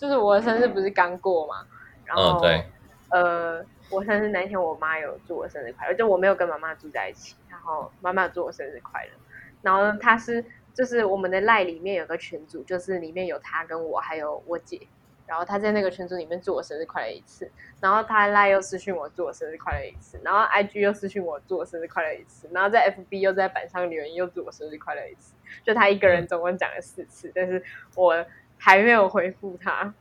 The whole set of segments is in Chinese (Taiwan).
就是我的生日不是剛過嘛，嗯、然後，哦、對，呃，我生日那一天，我媽有祝我生日快樂。就我沒有跟媽媽住在一起，然後媽媽祝我生日快樂。然後他是，就是我們的賴裡面有個群組，就是裡面有他跟我還有我姐。然後他在那個群組裡面祝我生日快樂一次，然後他賴又私訊我祝我生日快樂一次，然後 IG 又私訊我祝我生日快樂一次，然後在 FB 又在板上留言又祝我生日快樂一次。就他一個人總共講了四次，嗯、但是我。還沒有回復他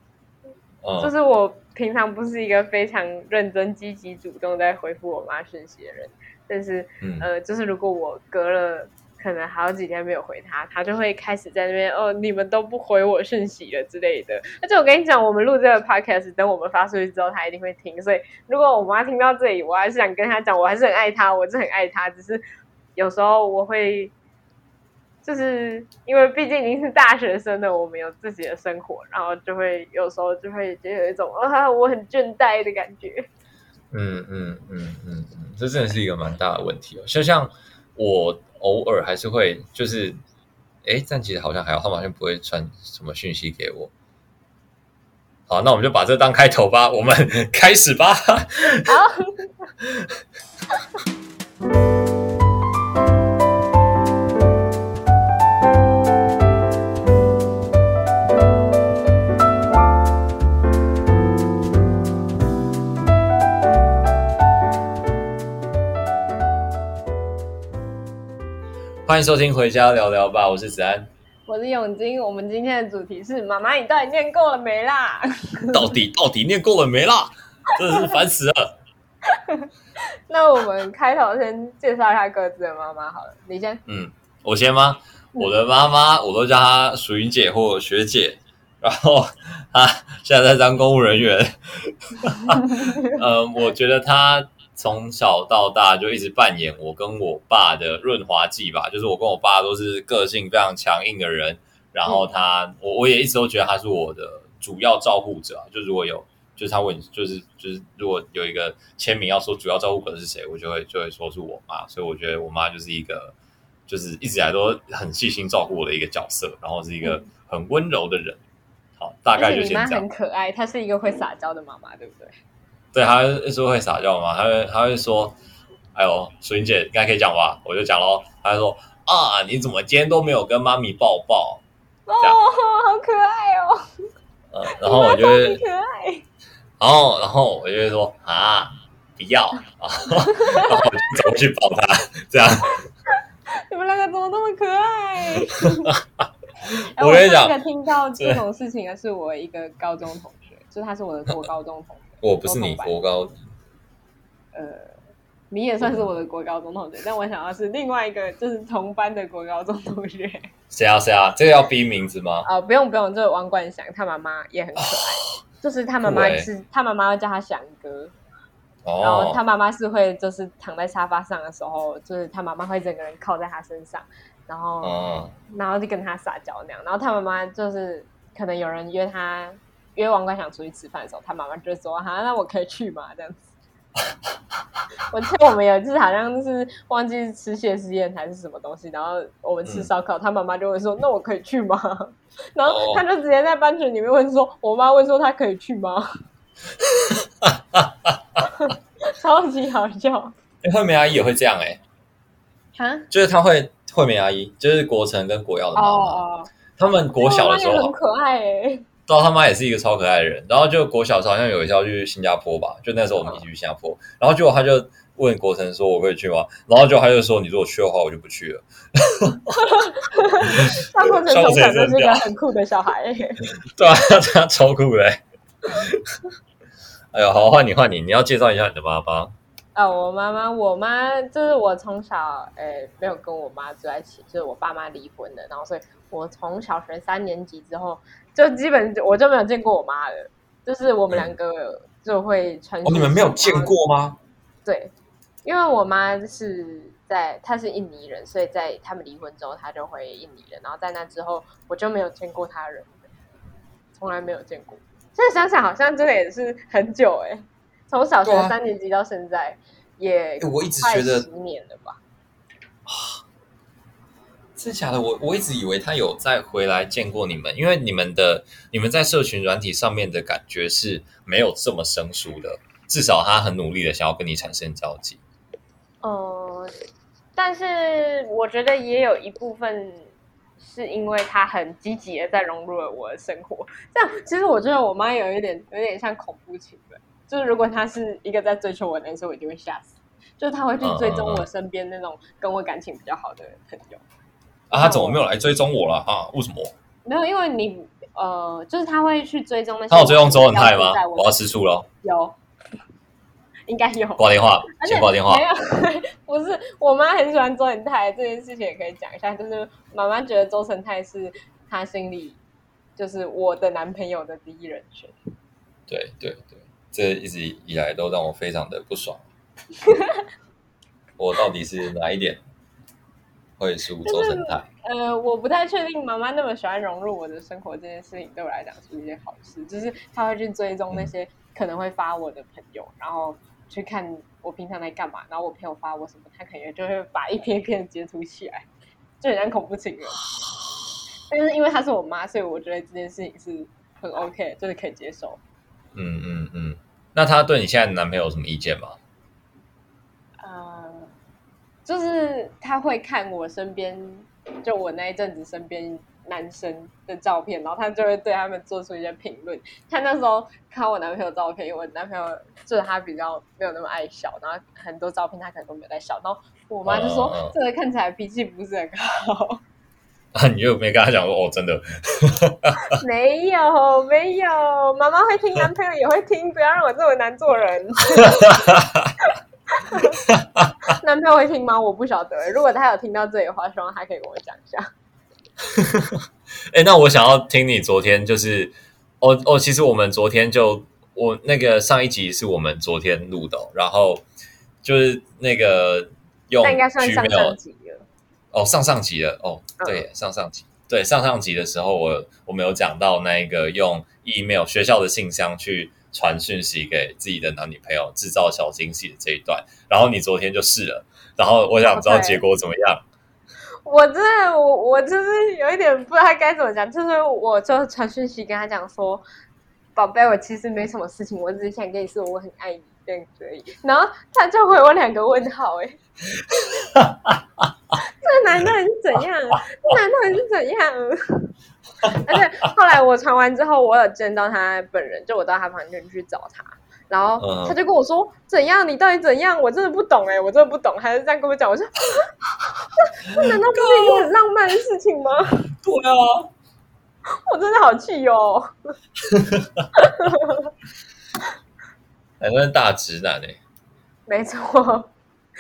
，oh. 就是我平常不是一個非常認真、積極、主動在回復我媽訊息的人，但是，mm. 呃，就是如果我隔了可能好幾天沒有回他，他就會開始在那邊哦，你們都不回我訊息了之類的。而且我跟你講，我們錄這個 podcast，等我們發出去之後，他一定會聽。所以如果我媽聽到這裡，我還是想跟他講，我還是很愛他，我真的很愛他，只是有時候我會。就是因為畢竟您是大學生的，我們有自己的生活，然後就會有時候就會就有一種，啊、哦，我很倦怠的感覺。嗯嗯嗯嗯，這真的是一個蠻大的問題哦。就像我偶爾還是會，就是，哎，但其實好像還好，他好像不會傳什麼訊息給我。好，那我們就把這當開頭吧，我們開始吧。好。 歡迎收聽《回家聊聊吧》，我是子安，我是永金。我們今天的主題是：媽媽你，你到，到底念夠了沒啦？到底到底念夠了沒啦？真的是煩死了。 那我們開頭先介紹一下各自的媽媽好了。你先。嗯，我先嗎？我的媽媽，我都叫她“淑雲姐”或“學姐”，然後她現在在當公務人員。嗯、 呃，我覺得她。從小到大就一直扮演我跟我爸的潤滑劑吧，就是我跟我爸都是個性非常強硬的人，然後他我我也一直都覺得他是我的主要照顧者，就如果有就是他問就是就是如果有一個簽名要說主要照顧者是誰，我就會就會說是我媽，所以我覺得我媽就是一個就是一直來都很細心照顧我的一個角色，然後是一個很溫柔的人。好，大概就是這樣。很可愛，她是一個會撒嬌的媽媽，對不對？對，他是不是會撒嬌嘛？他會他會說：“哎呦，舒云姐，應該可以講吧？”我就講咯。他就說：“啊，你怎麼今天都沒有跟媽咪抱抱？”哦，好可愛哦！嗯、然後我就會……可愛。然後然後我就會說：“啊，不要啊！”然後我怎麼去抱他？ 這樣你們兩個怎麼那麼可愛？ 我跟你講，第一個聽到這種事情的是我一個高中同學，就對他是我的我高中同學。學 我不是你國高，呃，你也算是我的國高中同學，嗯、但我想要是另外一個，就是同班的國高中同學。誰 啊？誰啊？這個要逼名字嗎？啊、呃，不用不用，就是王冠祥，他媽媽也很可愛，啊、就是他媽媽、就是，欸、他媽媽會叫他翔哥，哦、然後他媽媽是會就是躺在沙發上的時候，就是他媽媽會整個人靠在他身上，然後，哦、然後就跟他撒嬌那樣，然後他媽媽就是可能有人約他。因為王冠想出去吃飯的時候，他媽媽就說：“哈，那我可以去嗎？”這樣子。 我記得我們有一次好像是忘記吃謝師宴還是什麼東西，然後我們吃燒烤，他、嗯、媽媽就會說：“那我可以去嗎？”然後他就直接在班群裡面問說：“哦、我媽問說他可以去嗎？”哈哈 超級好笑。哎、欸，慧梅阿姨也會這樣哎、欸，哈，就是她會慧梅阿姨，就是國城跟國耀的媽媽。哦哦，他們國小的時候很可愛哎、欸。知道他媽也是一個超可愛的人，然後就國小的時候好像有一次要去新加坡吧，就那時候我們一起去新加坡，哦、然後結果他就問國成說：“我可以去嗎？”然後結果他就說：“你如果去的話，我就不去了。”他哈哈哈哈！從小就是一個很酷的小孩， 對啊，他超酷的。 哎呀，好換你換你，你要介紹一下你的媽媽啊、呃！我媽媽，我媽就是我從小哎沒有跟我媽住在一起，就是我爸媽離婚的，然後所以我從小學三年級之後，就基本我就沒有見過我媽了，就是我們兩個就會穿，哦，你們沒有見過嗎？對，因為我媽是在，她是印尼人，所以在他們離婚之後，她就回印尼了。然後在那之後，我就沒有見過她人，從來沒有見過。現在想想，好像真的也是很久哎，欸，從小學三年級到現在，啊，也我一直覺得十年了吧？欸是假的？我我一直以為他有再回來見過你們，因為你們的你們在社群軟體上面的感覺是沒有這麼生疏的，至少他很努力的想要跟你產生交集。呃，但是我覺得也有一部分是因為他很積極的在融入了我的生活。這樣其實我覺得我媽有一點有點像恐怖情人，就是如果他是一個在追求我的男生，我一定會嚇死。就是他會去追蹤我身邊那種跟我感情比較好的朋友。嗯嗯啊，他怎麼沒有來追蹤我了啊？為什麼？沒有，因為你呃，就是他會去追蹤那些人。他有追蹤周文泰嗎？我，我要吃醋了。有，應該有。掛電話，且先掛電話。沒有，不是。我媽很喜歡周文泰，這件事情也可以講一下。就是媽媽覺得周文泰是她心裡就是我的男朋友的第一人選。對對對，這一直以來都讓我非常的不爽。 我到底是哪一點？ 會疏忽生態、就是。呃，我不太確定，媽媽那麼喜歡融入我的生活這件事情，對我來講是一件好事。就是她會去追蹤那些可能會發我的朋友，嗯、然後去看我平常在幹嘛，然後我朋友發我什麼，她肯定就會把一篇一篇的截圖起來，就很像恐怖情人。但是因為她是我媽，所以我覺得這件事情是很 OK，就是可以接受。嗯嗯嗯，那她對你現在男朋友有什麼意見嗎？嗯、呃。就是他會看我身邊，就我那一陣子身邊男生的照片，然後他就會對他們做出一些評論。他那時候看我男朋友照片，因為我男朋友就是他比較沒有那麼愛笑，然後很多照片他可能都沒有在笑。然後我媽就說：“呃、這個看起來脾氣不是很好。”啊，你又沒跟他講說哦，真的 沒有沒有，媽媽會聽，男朋友 也會聽，不要讓我這麼難做人。 男朋友會聽嗎？我不曉得。如果他有聽到這些話，希望他可以跟我講一下 欸。那我想要聽你昨天就是，哦哦，其實我們昨天就我那個上一集是我們昨天錄的，然後就是那個用 email 哦，上上集了哦，對，上上集，嗯、對，上上集的時候我我沒有講到那個用 email 學校的信箱去。傳訊息給自己的男女朋友，製造小驚喜的這一段，然後你昨天就試了，然後我想知道結果怎麼樣。Okay. 我真的，我我就是有一點不知道他該怎麼講，就是我就傳訊息跟他講說：“寶貝，我其實沒什麼事情，我只是想跟你說我很愛你這樣。”然後他就回我兩個問號，哎， 這男的是怎樣？ 這男的是怎樣？ 而且後來我傳完之後，我有見到他本人，就我到他房間去找他，然後他就跟我說：“嗯、怎樣？你到底怎樣？我真的不懂哎、欸，我真的不懂。”還是這樣跟我講，我說 ：“這難道不是一個很浪漫的事情嗎？”對啊，我真的好氣喲、哦！哈哈人大直男哎、欸，沒錯錯。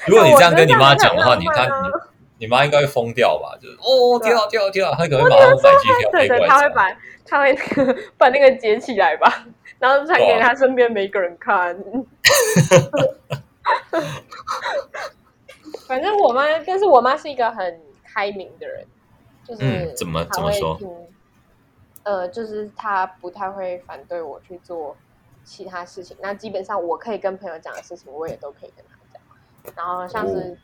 如果你這樣跟你媽講的話， 你看你媽應該會瘋掉吧？就是哦，掉掉掉，她、啊啊啊、可能、啊、會把手機給過來。她會把她會把那個截起來吧，然後傳給她身邊每一個人看。哇 反正我媽，但是我媽是一個很開明的人，就是、嗯、怎麼怎麼說？呃，就是她不太會反對我去做其他事情。那基本上我可以跟朋友講的事情，我也都可以跟他講。然後像是、哦。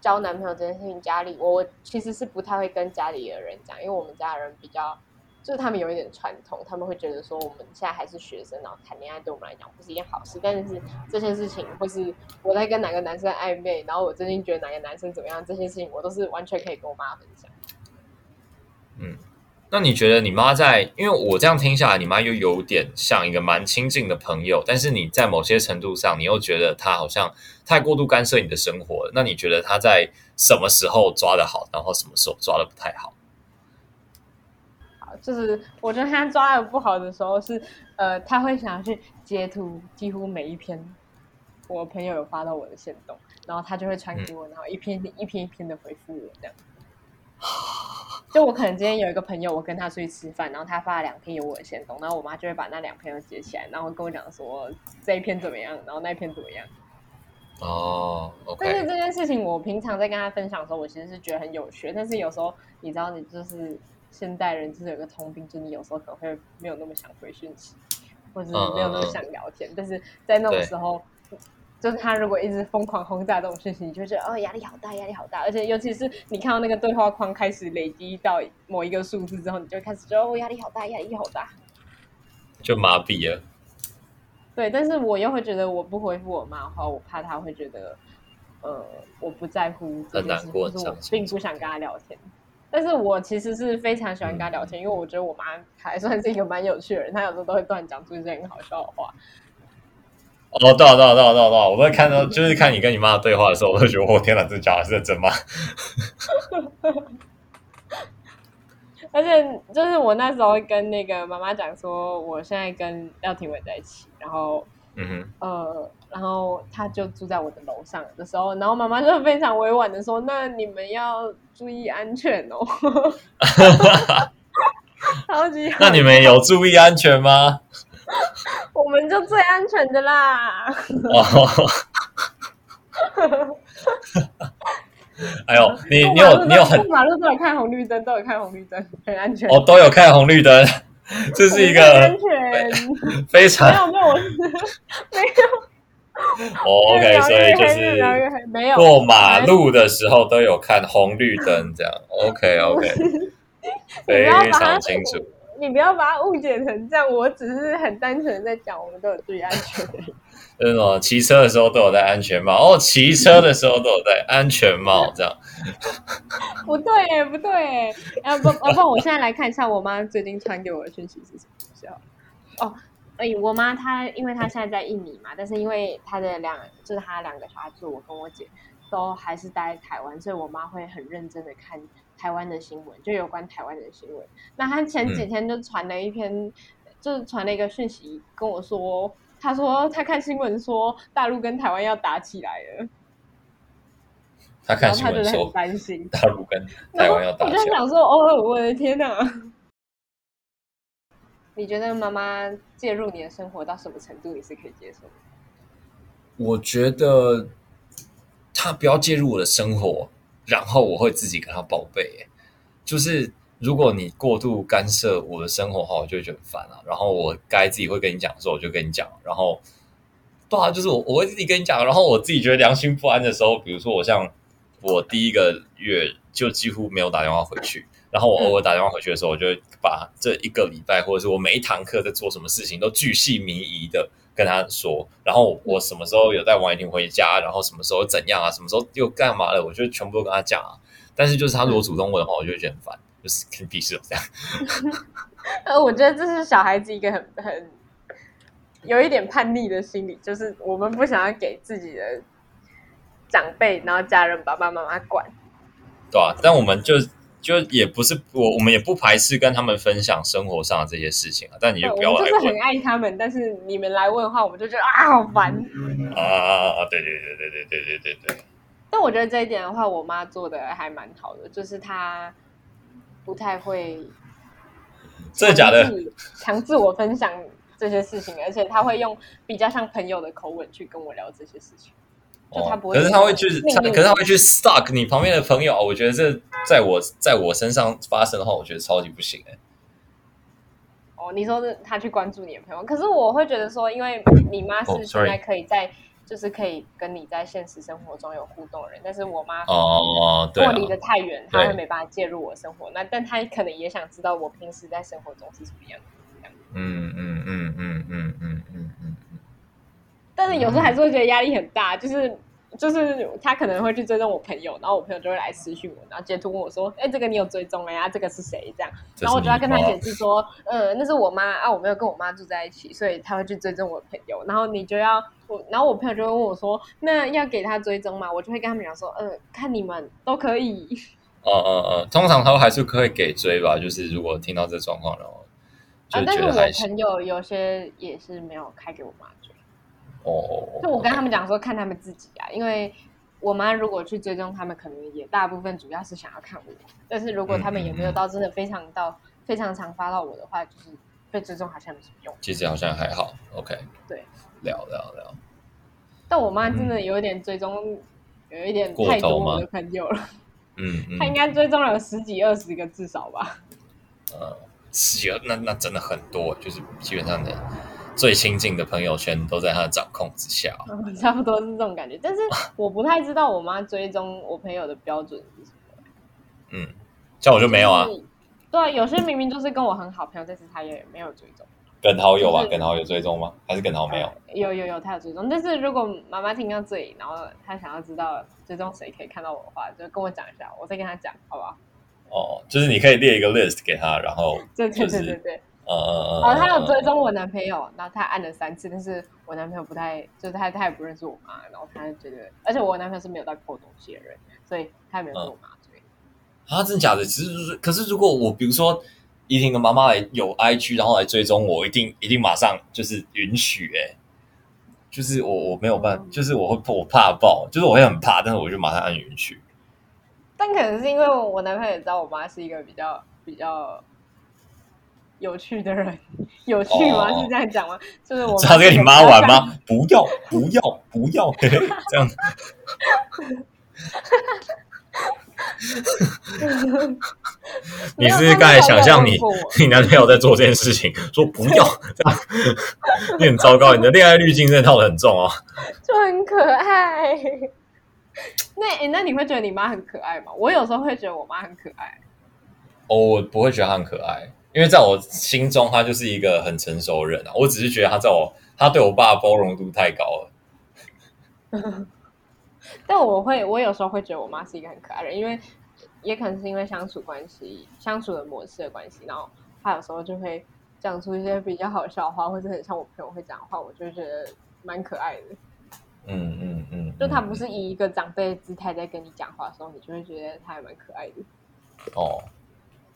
交男朋友這件事情，家裡我其實是不太會跟家裡的人講，因為我們家人比較，就是他們有一點傳統，他們會覺得說我們現在還是學生，然後談戀愛對我們來講不是一件好事。但是這些事情，或是我在跟哪個男生曖昧，然後我真心覺得哪個男生怎麼樣，這些事情我都是完全可以跟我媽分享。嗯。那你覺得你媽在？因為我這樣聽下來，你媽又有點像一個蠻親近的朋友，但是你在某些程度上，你又覺得她好像太過度干涉你的生活了。那你覺得她在什麼時候抓得好，然後什麼時候抓得不太好？好，就是我覺得她抓得不好的時候是，呃，她會想要去截圖幾乎每一篇我朋友有發到我的限動，然後他就會傳給我，嗯、然後一篇一篇一篇的回復我這樣。 就我可能今天有一個朋友，我跟他出去吃飯，然後他發了兩篇有我的限動，然後我媽就會把那兩篇都截起來，然後跟我講說這一篇怎麼樣，然後那一篇怎麼樣。哦，oh, okay. 但是這件事情我平常在跟他分享的時候，我其實是覺得很有趣。但是有時候你知道，你就是現代人就是有一個通病，就是你有時候可能會沒有那麼想回訊息，或者是沒有那麼想聊天，uh, uh, uh. 但是在那種時候。就是他如果一直瘋狂轟炸這種事情，你就覺得哦，壓力好大，壓力好大。而且尤其是你看到那個對話框開始累積到某一個數字之後，你就開始覺得哦，壓力好大，壓力好大。就麻痹啊。對，但是我又會覺得我不回復我媽的話，我怕她會覺得呃，我不在乎這件事，難過，就是我並不想跟她聊天。嗯、但是我其實是非常喜歡跟她聊天，因為我覺得我媽還算是一個蠻有趣的人，嗯、她有時候都會突然講出一些很好笑的話。哦、oh, 啊，對了、啊，對了、啊，對了、啊，對了、啊啊，我在看到就是看你跟你媽的對話的時候，我都覺得我、oh, 天哪，這假還是真的嗎？而且就是我那時候跟那個媽媽講說，我現在跟廖廷偉在一起，然後，嗯哼，呃，然後他就住在我的樓上的時候，然後媽媽就非常委婉的說，那你們要注意安全哦。 超級好。那你們有注意安全嗎？我們就最安全的啦！哦，哈哈哈哈哈哈！哎呦，你你有你有很馬路都有看紅綠燈，都有看紅綠燈，很安全。我、哦、都有看紅綠燈， 這是一個安全，安全，非常沒有我沒有沒有、哦。OK，所以就是沒有過馬路的時候都有看紅綠燈，這樣 OK OK，非常清楚。你不要把它誤解成這樣，我只是很單純的在講，我們都有注意安全。真的，騎車的時候都有戴安全帽？ 哦，騎車的時候都有戴安全帽， 這樣？ 不對，不對，後、啊不，啊、不然後我現在來看一下我媽最近傳給我的訊息是什麼？ 哦，哎、欸，我媽她因為她現在在印尼嘛，但是因為她的兩就是她的兩個小孩子，我跟我姐都還是待在台灣，所以我媽會很認真的看。台灣的新聞，就有關台灣的新聞。那他前幾天就傳了一篇，嗯、就是傳了一個訊息跟我說，他說他看新聞說大陸跟台灣要打起來了。他看新聞說擔心大陸跟台灣要，要打起來，我，我就想說：“哦，我的天哪、啊！” 你覺得媽媽介入你的生活到什麼程度你是可以接受的？我覺得他不要介入我的生活。然後我會自己跟他報備，就是如果你過度干涉我的生活的話，我就會覺得煩了、啊。然後我該自己會跟你講的時候，我就跟你講。然後對啊，就是我我會自己跟你講。然後我自己覺得良心不安的時候，比如說我像我第一個月就幾乎沒有打電話回去，然後我偶爾打電話回去的時候，嗯、我就會把這一個禮拜或者是我每一堂課在做什麼事情，都巨細靡遺的。跟他說，然後我什麼時候有帶王雨婷回家，然後什麼時候怎樣啊，什麼時候又幹嘛了，我就全部都跟他講、啊。但是就是他如果主動問的話，我就會覺得很煩，就是肯定似的這樣。呃， 我覺得這是小孩子一個很很有一點叛逆的心理，就是我們不想要給自己的長輩，然後家人把爸爸媽媽管，對啊，但我們就。就也不是我，我們也不排斥跟他們分享生活上的這些事情啊，但你就不要來。我就是很愛他們，但是你們來問的話，我們就覺得啊，好煩啊啊啊！對對對對對對對對。但我覺得這一點的話，我媽做的還蠻好的，就是她不太會，真的假的？強制我分享這些事情，而且她會用比較像朋友的口吻去跟我聊這些事情。就他就是哦、可是他會去，可是他會去 stalk 你旁邊的朋友，嗯、我覺得這在我在我身上發生的話，我覺得超級不行哎。哦，你說是他去關注你的朋友，可是我會覺得說，因為你媽是現在可以在，Oh, sorry. 就是可以跟你在現實生活中有互動的人，但是我媽哦，對我離得太遠，啊、她會沒辦法介入我生活。對那但她可能也想知道我平時在生活中是什麼樣子嗯嗯嗯嗯嗯嗯嗯嗯。嗯嗯嗯嗯嗯嗯但是有時候還是會覺得壓力很大，就是就是他可能會去追蹤我朋友，然後我朋友就會來私訊我，然後截圖問我說：“哎、欸，這個你有追蹤了、啊、呀？這個是誰？”這樣，然後我就要跟他解釋說：“呃，那是我媽啊，我沒有跟我媽住在一起，所以他會去追蹤我的朋友。”然後你就要我，然後我朋友就會問我說：“那要給他追蹤嗎？”我就會跟他們講說：“嗯、呃，看你們都可以。嗯”呃呃呃，通常都還是可以給追吧，就是如果聽到這狀況，了。然後就覺得還、啊、但是我朋友有些也是沒有開給我媽。哦、就我跟他們講說，看他們自己啊，Okay. 因為我媽如果去追蹤他們，可能也大部分主要是想要看我。但是如果他們有沒有到真的非常到嗯嗯非常常發到我的話，就是被追蹤好像沒什麼用。其實好像還好，OK。對，聊聊聊。但我媽真的有一點追蹤，嗯、有一點太多我的朋友了。 嗯，嗯，她應該追蹤了有十幾二十個至少吧。呃，十幾那那真的很多，嗯、就是基本上的。最親近的朋友圈都在他的掌控之下，哦哦，差不多是這種感覺。但是我不太知道我媽追蹤我朋友的標準是什麼？ 嗯，像我就沒有啊。對啊，有些明明就是跟我很好朋友，但是她也沒有追蹤。跟好友啊，就是，跟好友追蹤嗎？還是跟好沒有？有有，嗯，有，有有他有追蹤。但是如果媽媽聽到這裡，然後她想要知道追蹤誰可以看到我的話，就跟我講一下，我再跟他講，好不好？哦，就是你可以列一個 list 給他，然後，就是， 對，對對對對。哦、嗯，他有追蹤我男朋友，嗯、然後他按了三次，但是我男朋友不太，就是他他也不認識我媽，然後他覺得，而且我男朋友是沒有在扣東西的人，所以他也沒有跟我媽追。啊、嗯，真的假的？只是，可是如果我比如說一聽跟媽媽來有 IG，然後來追蹤我，一定一定馬上就是允許、欸，哎，就是我我沒有辦法，嗯、就是我會我怕爆，就是我會很怕，但是我就馬上按允許。嗯、但可能是因為我男朋友也知道我媽是一個比較比較。有趣的人，有趣嗎？是這樣講嗎？就是我。他跟你媽玩嗎？不要，不要，不要！這樣子。你是不是剛才想象你你男朋友在做這件事情？說不要這樣，你很糟糕，你的戀愛濾鏡真的套得很重哦。就很可愛。那誒，那你會覺得你媽很可愛嗎？我有時候會覺得我媽很可愛。哦，我不會覺得她很可愛。因為在我心中，他就是一個很成熟的人啊。我只是覺得他在我，他對我爸的包容度太高了。 但我會，我有時候會覺得我媽是一個很可愛的人，因為也可能是因為相處關係、相處的模式的關係，然後她有時候就會講出一些比較好笑的話，或者很像我朋友會講的話，我就覺得蠻可愛的。嗯嗯嗯，嗯嗯就他不是以一個長輩姿態在跟你講話的時候，你就會覺得他還蠻可愛的。哦。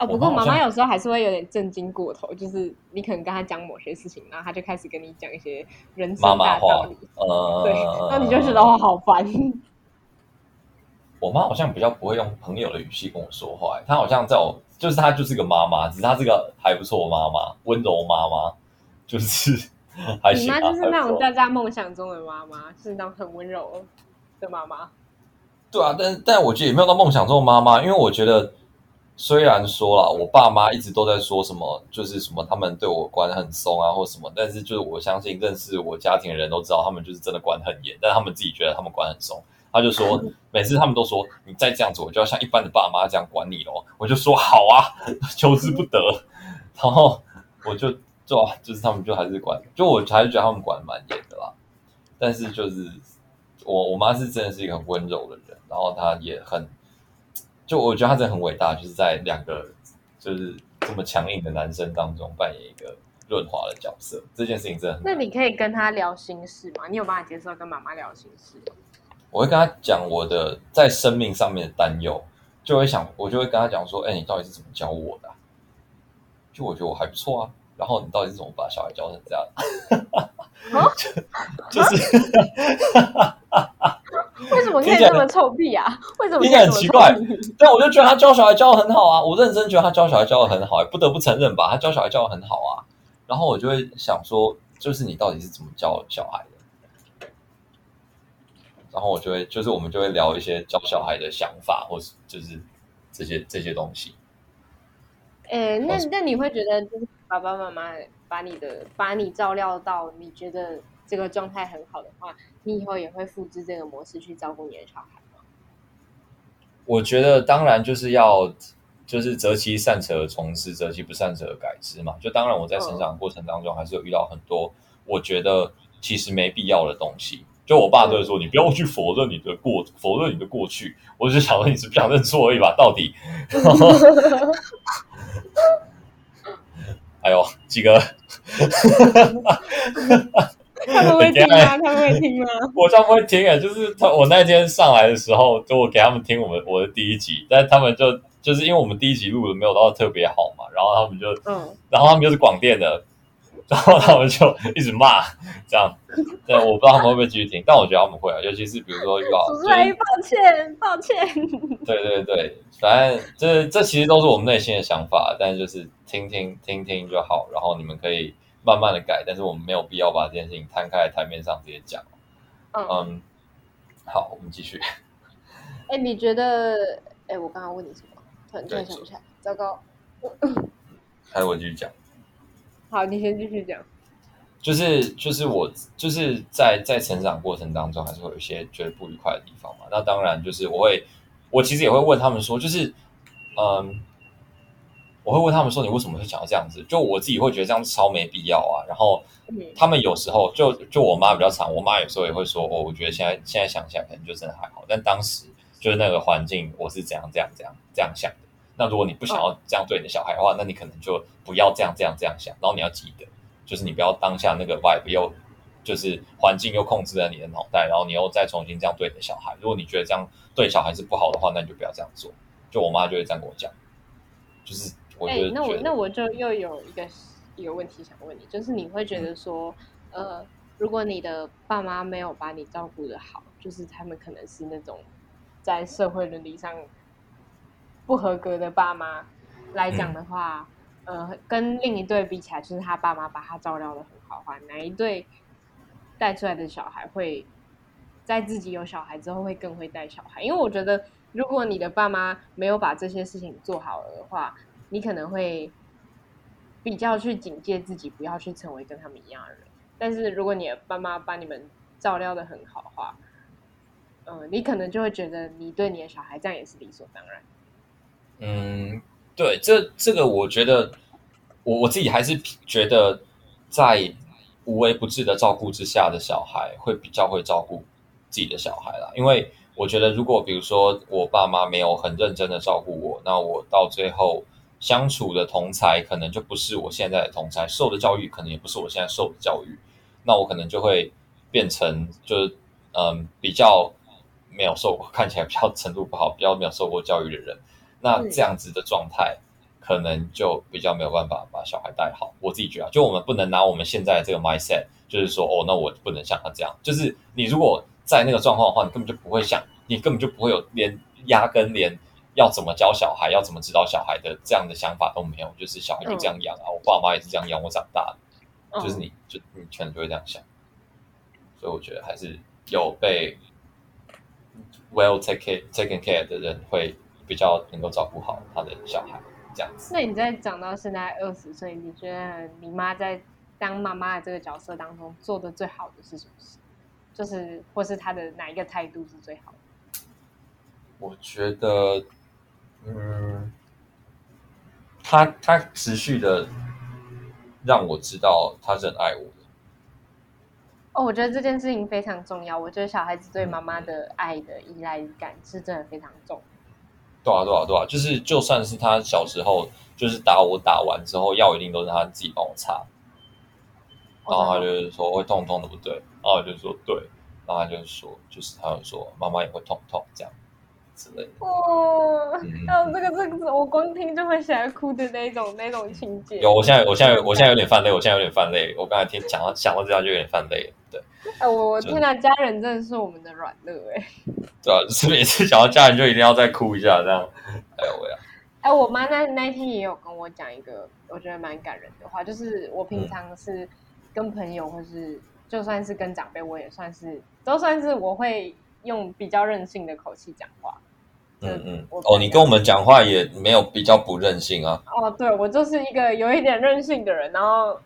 哦，不過媽媽有時候還是會有點震驚過頭，就是你可能跟她講某些事情，然後她就開始跟你講一些人生大道理，對，那你就覺得我好煩，嗯。我媽好像比較不會用朋友的語氣跟我說話，她好像在我，就是她就是個媽媽，只是她是個還不錯的媽媽，溫柔媽媽，就是。還還你媽就是那種大家夢想中的媽媽，是那種很溫柔的媽媽。對啊，但但我覺得也沒有到夢想中的媽媽，因為我覺得。雖然說了，我爸媽一直都在說什麼，就是什麼他們對我管很鬆啊，或什麼，但是就是我相信認識我家庭的人都知道，他們就是真的管很嚴，但他們自己覺得他們管很鬆。他就說每次他們都說，你再這樣子，我就要像一般的爸媽這樣管你哦，我就說好啊，求之不得。然後我就做、啊，就是他們就還是管，就我還是覺得他們管蠻嚴的啦。但是就是我我媽是真的是一個很溫柔的人，然後她也很。就我覺得他真的很偉大，就是在兩個就是這麼強硬的男生當中扮演一個潤滑的角色，這件事情真的很。那你可以跟他聊心事嗎？你有辦法接受跟媽媽聊心事？我會跟他講我的在生命上面的擔憂，就會想，我就會跟他講說，哎、欸，你到底是怎麼教我的、啊？就我覺得我還不錯啊，然後你到底是怎麼把小孩教成這樣的？哦、 就是、啊。 為什麼可以這麼臭屁啊？你為什麼聽起來很奇怪？但我就覺得他教小孩教的很好啊，我認真覺得他教小孩教的很好、欸，不得不承認吧，他教小孩教的很好啊。然後我就會想說，就是你到底是怎麼教小孩的？然後我就會，就是我們就會聊一些教小孩的想法，或是就是這些這些東西。呃、欸，那是那你會覺得，就是爸爸媽媽把你的，把你的，把你照料到，你覺得？這個狀態很好的話，你以後也會複製這個模式去照顧你的小孩嗎？我覺得當然就是要，就是擇其善者而從之，擇其不善者而改之嘛。就當然我在成長過程當中，還是有遇到很多我覺得其實沒必要的東西。就我爸就會說：“你不要去否認你的過，否認你的過去。”我就想問你是不想認錯而已吧？到底？呵呵 哎呦，傑哥！ 他們會聽嗎？他們會聽嗎？我超不會聽誒，就是他，我那天上來的時候，就我給他們聽我們我的第一集，但他們就就是因為我們第一集錄的沒有到特別好嘛，然後他們就嗯，然後他們就是廣電的，然後他們就一直罵這樣，對，我不知道他們會不會繼續聽， 但我覺得他們會啊，尤其是比如說預來，就是、抱歉，抱歉，對對對，反正這、就是、這其實都是我們內心的想法，但就是聽聽聽聽就好，然後你們可以。慢慢的改，但是我們沒有必要把這件事情攤開在台面上直接講。嗯，嗯，好，我們繼續。哎、欸，你覺得？哎、欸，我剛剛問你什麼？突然想不起來，糟糕。還是我繼續講？好，你先繼續講。就是就是我就是在在成長過程當中，還是會有一些覺得不愉快的地方嘛。那當然，就是我會我其實也會問他們說，就是嗯。我會問他們說：“你為什麼會想要這樣子？”就我自己會覺得這樣子超沒必要啊。然後他們有時候就就，就我媽比較慘，我媽有時候也會說：“哦，我覺得現在現在想起來可能就真的還好，但當時就是那個環境，我是怎樣這樣這樣這樣，這樣想的。”那如果你不想要這樣對你的小孩的話，那你可能就不要這樣這樣這樣想。然後你要記得，就是你不要當下那個 vibe 又就是環境又控制了你的腦袋，然後你又再重新這樣對你的小孩。如果你覺得這樣對小孩是不好的話，那你就不要這樣做。就我媽就會這樣跟我講，就是。哎，那我那我就又有一個一個問題想問你，就是你會覺得說，嗯、呃，如果你的爸媽沒有把你照顧得好，就是他們可能是那種在社會倫理上不合格的爸媽來講的話，嗯、呃，跟另一對比起來，就是他爸媽把他照料得很好的話，哪一對帶出來的小孩會，在自己有小孩之後會更會帶小孩？因為我覺得，如果你的爸媽沒有把這些事情做好的話，你可能會比較去警戒自己，不要去成為跟他們一樣的人。但是如果你的爸媽把你們照料得很好的話，嗯，你可能就會覺得你對你的小孩這樣也是理所當然。嗯，對，這這個我覺得我我自己還是覺得在無微不至的照顧之下的小孩會比較會照顧自己的小孩啦，因為我覺得如果比如說我爸媽沒有很認真的照顧我，那我到最後。相處的同儕可能就不是我現在的同儕，受的教育可能也不是我現在受的教育，那我可能就會變成就是，嗯，比較沒有受過，看起來比較程度不好，比較沒有受過教育的人。那這樣子的狀態，對可能就比較沒有辦法把小孩帶好。我自己覺得，就我們不能拿我們現在的這個 mindset，就是說，哦，那我不能像他這樣。就是你如果在那個狀況的話，你根本就不會想，你根本就不會有，連壓根連。要怎麼教小孩，要怎麼指導小孩的這樣的想法都沒有，就是小孩就這樣養啊，嗯、我爸媽也是這樣養我長大的，嗯、就是你就你全都會這樣想，所以我覺得還是有被 well taken taken care 的人會比較能夠照顧好他的小孩這樣子。那你在長到現在二十歲，你覺得你媽在當媽媽的這個角色當中做的最好的是什麼？就是或是她的哪一個態度是最好的？我覺得。嗯，他他持續的讓我知道他是很愛我的。哦，我覺得這件事情非常重要。我覺得小孩子對媽媽的愛的依賴感是真的非常重。嗯，對啊，對啊，對啊，就是就算是他小時候就是打我打完之後，藥一定都是他自己幫我擦。然後他就是說會痛痛的不對，然後我就說對，然後他就說就是他就說媽媽也會痛痛這樣。哦、這個，這個這個我光聽就會想哭的那種那種情節。有，我現在我現在我現在有點泛淚，我現在有點泛淚。我剛才聽講到講到這樣就有點泛淚。對。哎、呃，我我聽到家人真的是我們的軟肋、欸，哎。對啊，所、就是、每次想到家人，就一定要再哭一下，這樣。哎呦我哎、呃，我媽那那一天也有跟我講一個，我覺得蠻感人的話，就是我平常是跟朋友，或是、嗯、就算是跟長輩，我也算是都算是我會。用比較任性的口氣講話，嗯嗯，哦，你跟我們講話也沒有比較不任性啊？哦，對，我就是一個有一點任性的人。然後，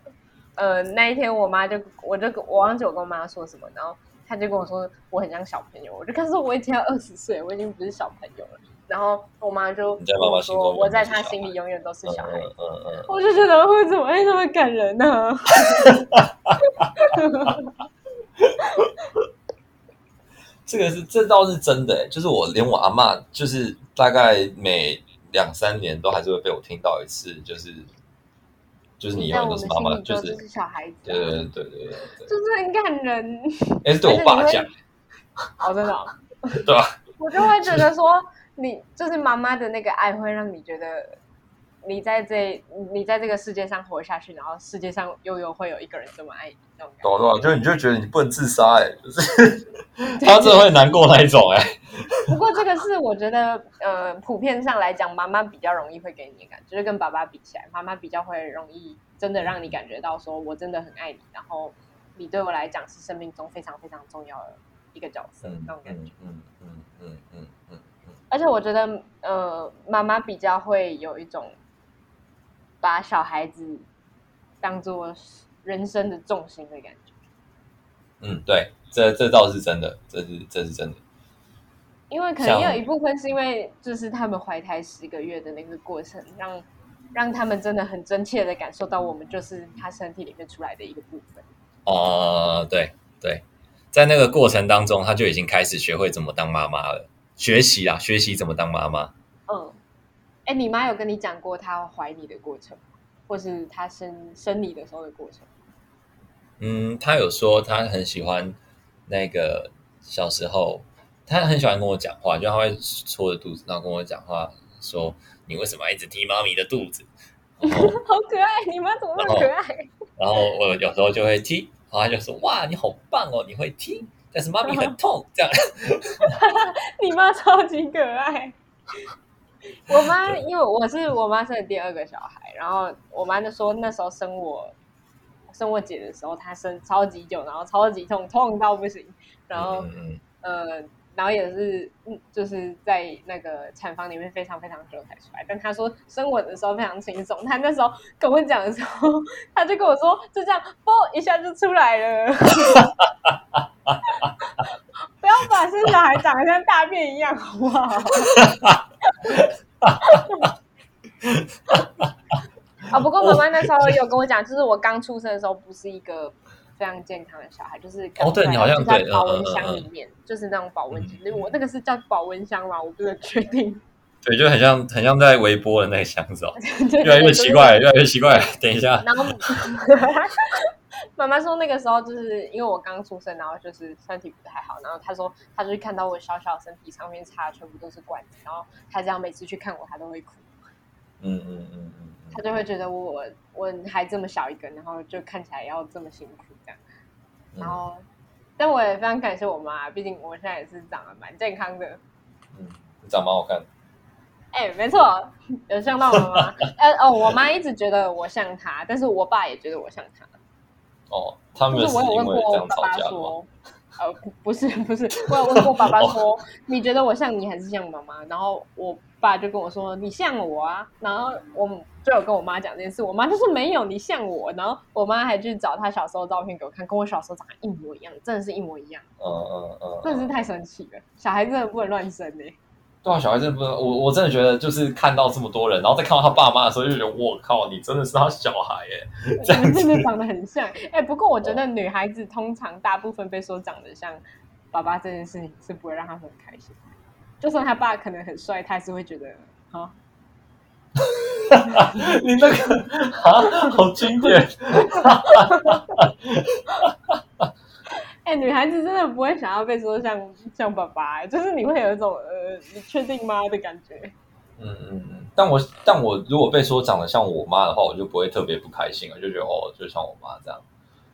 呃，那一天我媽就，我就我忘記我跟我媽說什麼，然後她就跟我說我很像小朋友，我就開始說我已經要二十歲，我已經不是小朋友了。然後我媽就跟我說我在她心裡永遠都是小孩，嗯嗯嗯嗯嗯，我就覺得我怎麼會、欸、這麼感人呢、啊？ 這個是，這倒是真的誒，就是我連我阿嬤，就是大概每兩三年都還是會被我聽到一次，就是就是你永遠都是媽媽，就是小孩子，啊，對對對對對，就是很感人。哎，欸，對我爸講， 好真的，對吧？ 對啊，我就會覺得說，你就是媽媽的那個愛，會讓你覺得。你在這，你在這個世界上活下去，然後世界上又有會有一個人這麼愛你，懂了懂了？就你就覺得你不能自殺、欸，哎，就是 對他真的會難過那一種、欸，哎。 不過這個是我覺得，呃，普遍上來講，媽媽比較容易會給你的感覺，就是跟爸爸比起來，媽媽比較會容易真的讓你感覺到說我真的很愛你，然後你對我來講是生命中非常非常重要的一個角色，那種、嗯、感覺，嗯嗯嗯嗯嗯嗯。嗯嗯嗯嗯嗯而且我覺得，呃，媽媽比較會有一種。把小孩子當做人生的重心的感覺。嗯，對，這這倒是真的，這是這是真的。因為可能有一部分是因為，就是他們懷胎十個月的那個過程，讓讓他們真的很真切的感受到，我們就是他身體裡面出來的一個部分。哦、嗯，對對，在那個過程當中，他就已經開始學會怎麼當媽媽了，學習啊，學習怎麼當媽媽。嗯。哎，你媽有跟你講過她懷你的過程，或是她生生你的時候的過程？嗯，她有說她很喜歡那個小時候，她很喜歡跟我講話，就她會搓着肚子，然後跟我講話說：“你為什麼一直踢媽咪的肚子？” 好可愛，你媽怎麼那麼可愛？然後，然後我有時候就會踢，然後她就說：“哇，你好棒哦，你會踢，但是媽咪很痛。” 這樣， 你媽超級可愛。 我媽因為我是對我媽生的第二個小孩，然後我媽就說那時候生我生我姐的時候，她生超級久，然後超級痛，痛到不行，然後嗯、呃，然後也是嗯，就是在那個產房裡面非常非常久才出來。但她說生我的時候非常輕鬆，她那時候跟我講的時候，她就跟我說就這樣，啵 一下就出來了。 不要把生小孩長得像大便一樣，好不好？ 啊、 哦！不過媽媽那時候有跟我講，就是我剛出生的時候不是一個非常健康的小孩，就是哦，對，你好像在保溫箱裡面，就是那種保溫箱，嗯、我那個是叫保溫箱嘛，我不能確定。對，就很像很像在微波的那個箱子哦， 對對對對越來越奇怪，就是，越來越奇怪。等一下。然後 媽媽說那個時候就是因為我剛出生，然後就是身體不太好，然後她說她就是看到我小小身體上面插的全部都是管子，然後她這樣每次去看我，她都會哭、嗯。嗯嗯嗯嗯，她就會覺得我我還這麼小一個，然後就看起來要這麼辛苦這樣。然後，嗯、但我也非常感謝我媽，畢竟我現在也是長得蠻健康的。嗯，你長蠻好看。哎、欸，沒錯，有像到我媽,媽。 呃哦，我媽一直覺得我像她，但是我爸也覺得我像他。哦，他們就是我有問過我爸爸說，呃，不是不是，我有問過爸爸說， 你覺得我像你還是像媽媽？然後我爸就跟我說，你像我啊。然後我就有跟我媽講這件事，我媽就說沒有，你像我。然後我媽還去找她小時候的照片給我看，跟我小時候長得一模一樣，真的是一模一樣。嗯嗯嗯，嗯嗯嗯，真的是太神奇了，小孩子真的不能亂生呢、欸。對小孩真不……我我真的覺得，就是看到這麼多人，然後再看到他爸媽的時候，就覺得我靠，你真的是他小孩哎，真的長得很像哎、欸。不過我覺得女孩子通常大部分被說長得像、哦、爸爸這件事情是不會讓他很開心，就算他爸可能很帥，他也是會覺得啊。哦、 你那個啊，好經典！ 哎、欸，女孩子真的不會想要被說像像爸爸、欸，就是你會有一種呃，你確定嗎的感覺？嗯嗯嗯，但我但我如果被說長得像我媽的話，我就不會特別不開心了，就覺得哦，就像我媽這樣，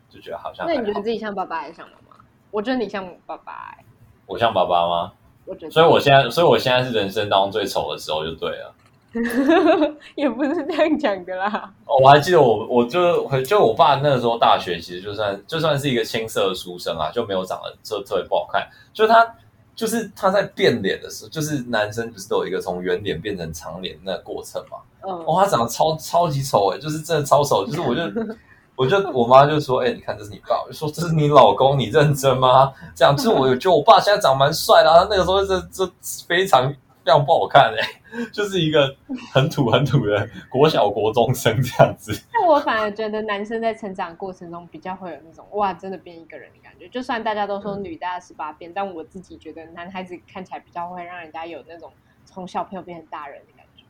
就覺得好像還好。那你覺得自己像爸爸還是像媽媽？我覺得你像爸爸、欸。我像爸爸嗎？我覺得你像爸爸、欸。所以我現在，所以我現在是人生當中最醜的時候，就對了。 也不是這樣講的啦、哦。我還記得我，我就就我爸那個時候大學，其實就算就算是一個青澀的書生啊，就沒有長得就特特別不好看。就是他，就是他在變臉的時候，就是男生不是都有一個從圓臉變成長臉那個過程嘛？嗯、哦，他長得超超級醜誒、欸、就是真的超醜。就是我就 我就我媽就說：“哎、欸，你看這是你爸，我就說這是你老公，你認真嗎？”這樣，就是我，我覺得我爸現在長蠻帥的啊。他那個時候就就非常。這樣不好看哎、欸，就是一個很土很土的國小國中生這樣子。那 我反而覺得男生在成長過程中比較會有那種哇，真的變一個人的感覺。就算大家都說女大十八變，嗯、但我自己覺得男孩子看起來比較會讓人家有那種從小朋友變成大人的感覺。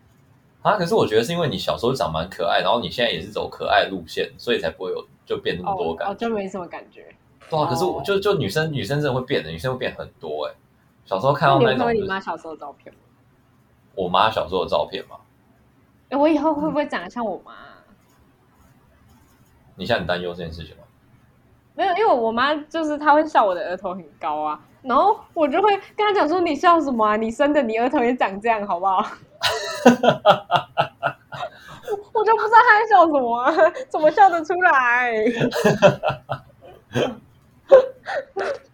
啊，可是我覺得是因為你小時候長蠻可愛，然後你現在也是走可愛路線，所以才不會有就變那麼多感覺。哦，哦，就沒什麼感覺。對啊，哦、可是我就就女生女生真的會變的，女生會變很多哎、欸。小時候看到種那種，我媽小時候的照片。我媽小時候的照片嗎、欸？我以後會不會長得像我媽、嗯？你現在很擔憂這件事情嗎？沒有，因為我媽就是她會笑我的額頭很高啊，然後我就會跟她講說：“你笑什麼、啊？你生的，你額頭也長這樣，好不好 我？”我就不知道她在笑什麼、啊，怎麼笑得出來？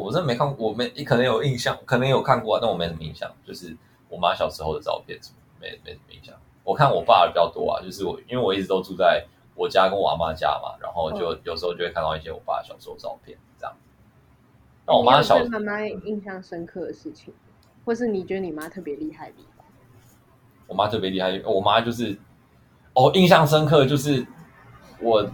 我真的沒看過，我沒，你可能有印象，可能有看過啊，但我沒什麼印象。就是我媽小時候的照片，沒沒什麼印象。我看我爸比較多啊，Okay. 就是我因為我一直都住在我家跟我阿媽家嘛，然後就、oh. 有時候就會看到一些我爸小時候照片這樣子。那我媽小時候，媽媽印象深刻的事情，或是你覺得你媽特別厲害的地方？我媽特別厲害，我媽就是哦，印象深刻就是我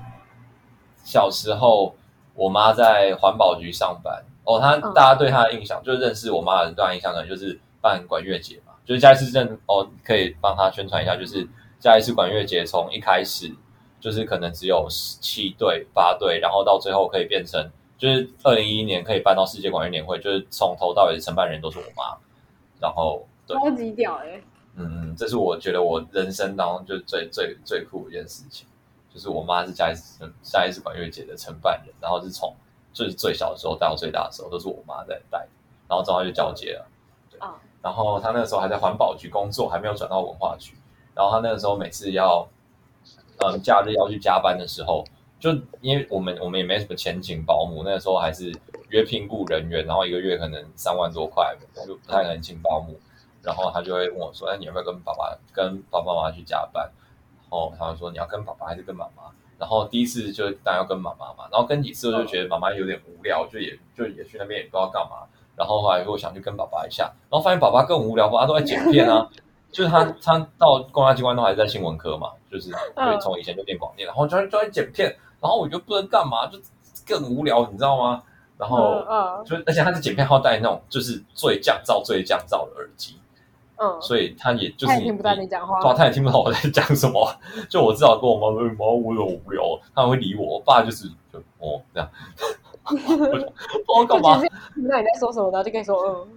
小時候我媽在環保局上班。哦，他大家對他的印象，嗯、就認識我媽的人對印象呢，就是辦管樂節嘛。就是嘉義市認，哦，可以幫他宣傳一下，就是嘉義市管樂節從一開始就是可能只有七隊、八隊，然後到最後可以變成就是二零一一年可以辦到世界管樂年會，就是從頭到尾的承辦人都是我媽。然後對，超級屌誒、欸、嗯，這是我覺得我人生當中就最最最酷的一件事情，就是我媽是嘉義市嘉義市管樂節的承辦人，然後是從。就是最小的時候帶到最大的時候都是我媽在帶，然後之後就交接了，對。Oh. 然後他那個時候還在環保局工作，還沒有轉到文化局。然後他那個時候每次要，嗯，假日要去加班的時候，就因為我們我們也沒什麼錢請保姆，那個時候還是約聘僱人員，然後一個月可能三萬多塊，就不太可能請保姆。然後他就會問我說：“哎、啊，你有沒有跟爸爸跟爸爸媽媽去加班？”然後他會說：“你要跟爸爸還是跟媽媽？”然後第一次就當然要跟媽媽嘛，然後跟幾次我就覺得媽媽有點無聊，嗯、就也就也去那邊也不知道幹嘛。然後後來又想去跟爸爸一下，然後發現爸爸更無聊，他都在剪片啊。 就是他他到公安機關都還在新聞科嘛，就是所以從以前就念廣電，嗯、然後就就在剪片，然後我就不能幹嘛，就更無聊，你知道嗎？然後就、嗯嗯、就而且他的剪片號戴那種就是最降噪最降噪的耳機。嗯、所以他也就是，他也聽不到你講話，對，他也聽不到我在講什麼。就我至少跟我媽說，哎、媽，我有無聊，他們會理我。我爸就是哦就這樣，哈哈我、哦、幹嘛？那 你在說什麼呢？就跟你說，嗯，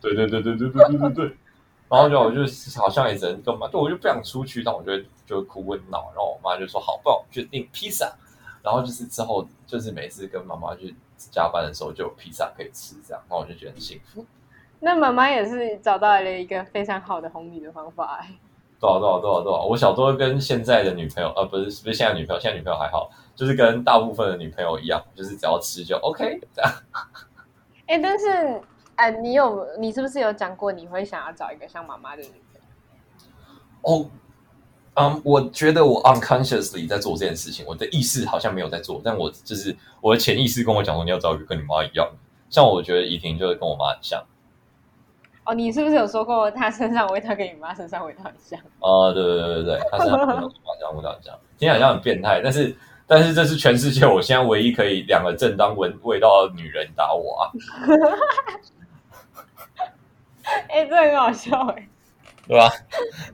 對對對對對對對對對。 然後就我就好像也只能幹嘛？ 對，我就不想出去，但我就就哭會鬧。然後我媽就說，好，不然我決定披薩。然後就是之後就是每次跟媽媽去加班的時候，就有披薩可以吃，這樣，然後我就覺得很幸福。嗯那媽媽也是找到了一個非常好的哄你的方法哎、欸，對啊對啊對啊對啊，我小時候跟現在的女朋友呃不是，是不是現在的女朋友？現在的女朋友還好，就是跟大部分的女朋友一樣，就是只要吃就 OK, okay. 這樣。哎、欸，但是哎、呃，你有你是不是有講過你會想要找一個像媽媽的女朋友？哦，嗯，我覺得我 unconsciously 在做這件事情，我的意識好像沒有在做，但我就是我的潛意識跟我講說你要找一個跟你媽一樣的，像我覺得怡婷就是跟我媽很像。哦，你是不是有說過他身上味道跟你媽身上味道很像？哦對對對對，他身上味道跟我媽味道很像，聽起來好像很變態，但是但是這是全世界我現在唯一可以兩個正當聞味道的女人。打我啊！哎、 欸，這很好笑哎、欸，對吧。啊？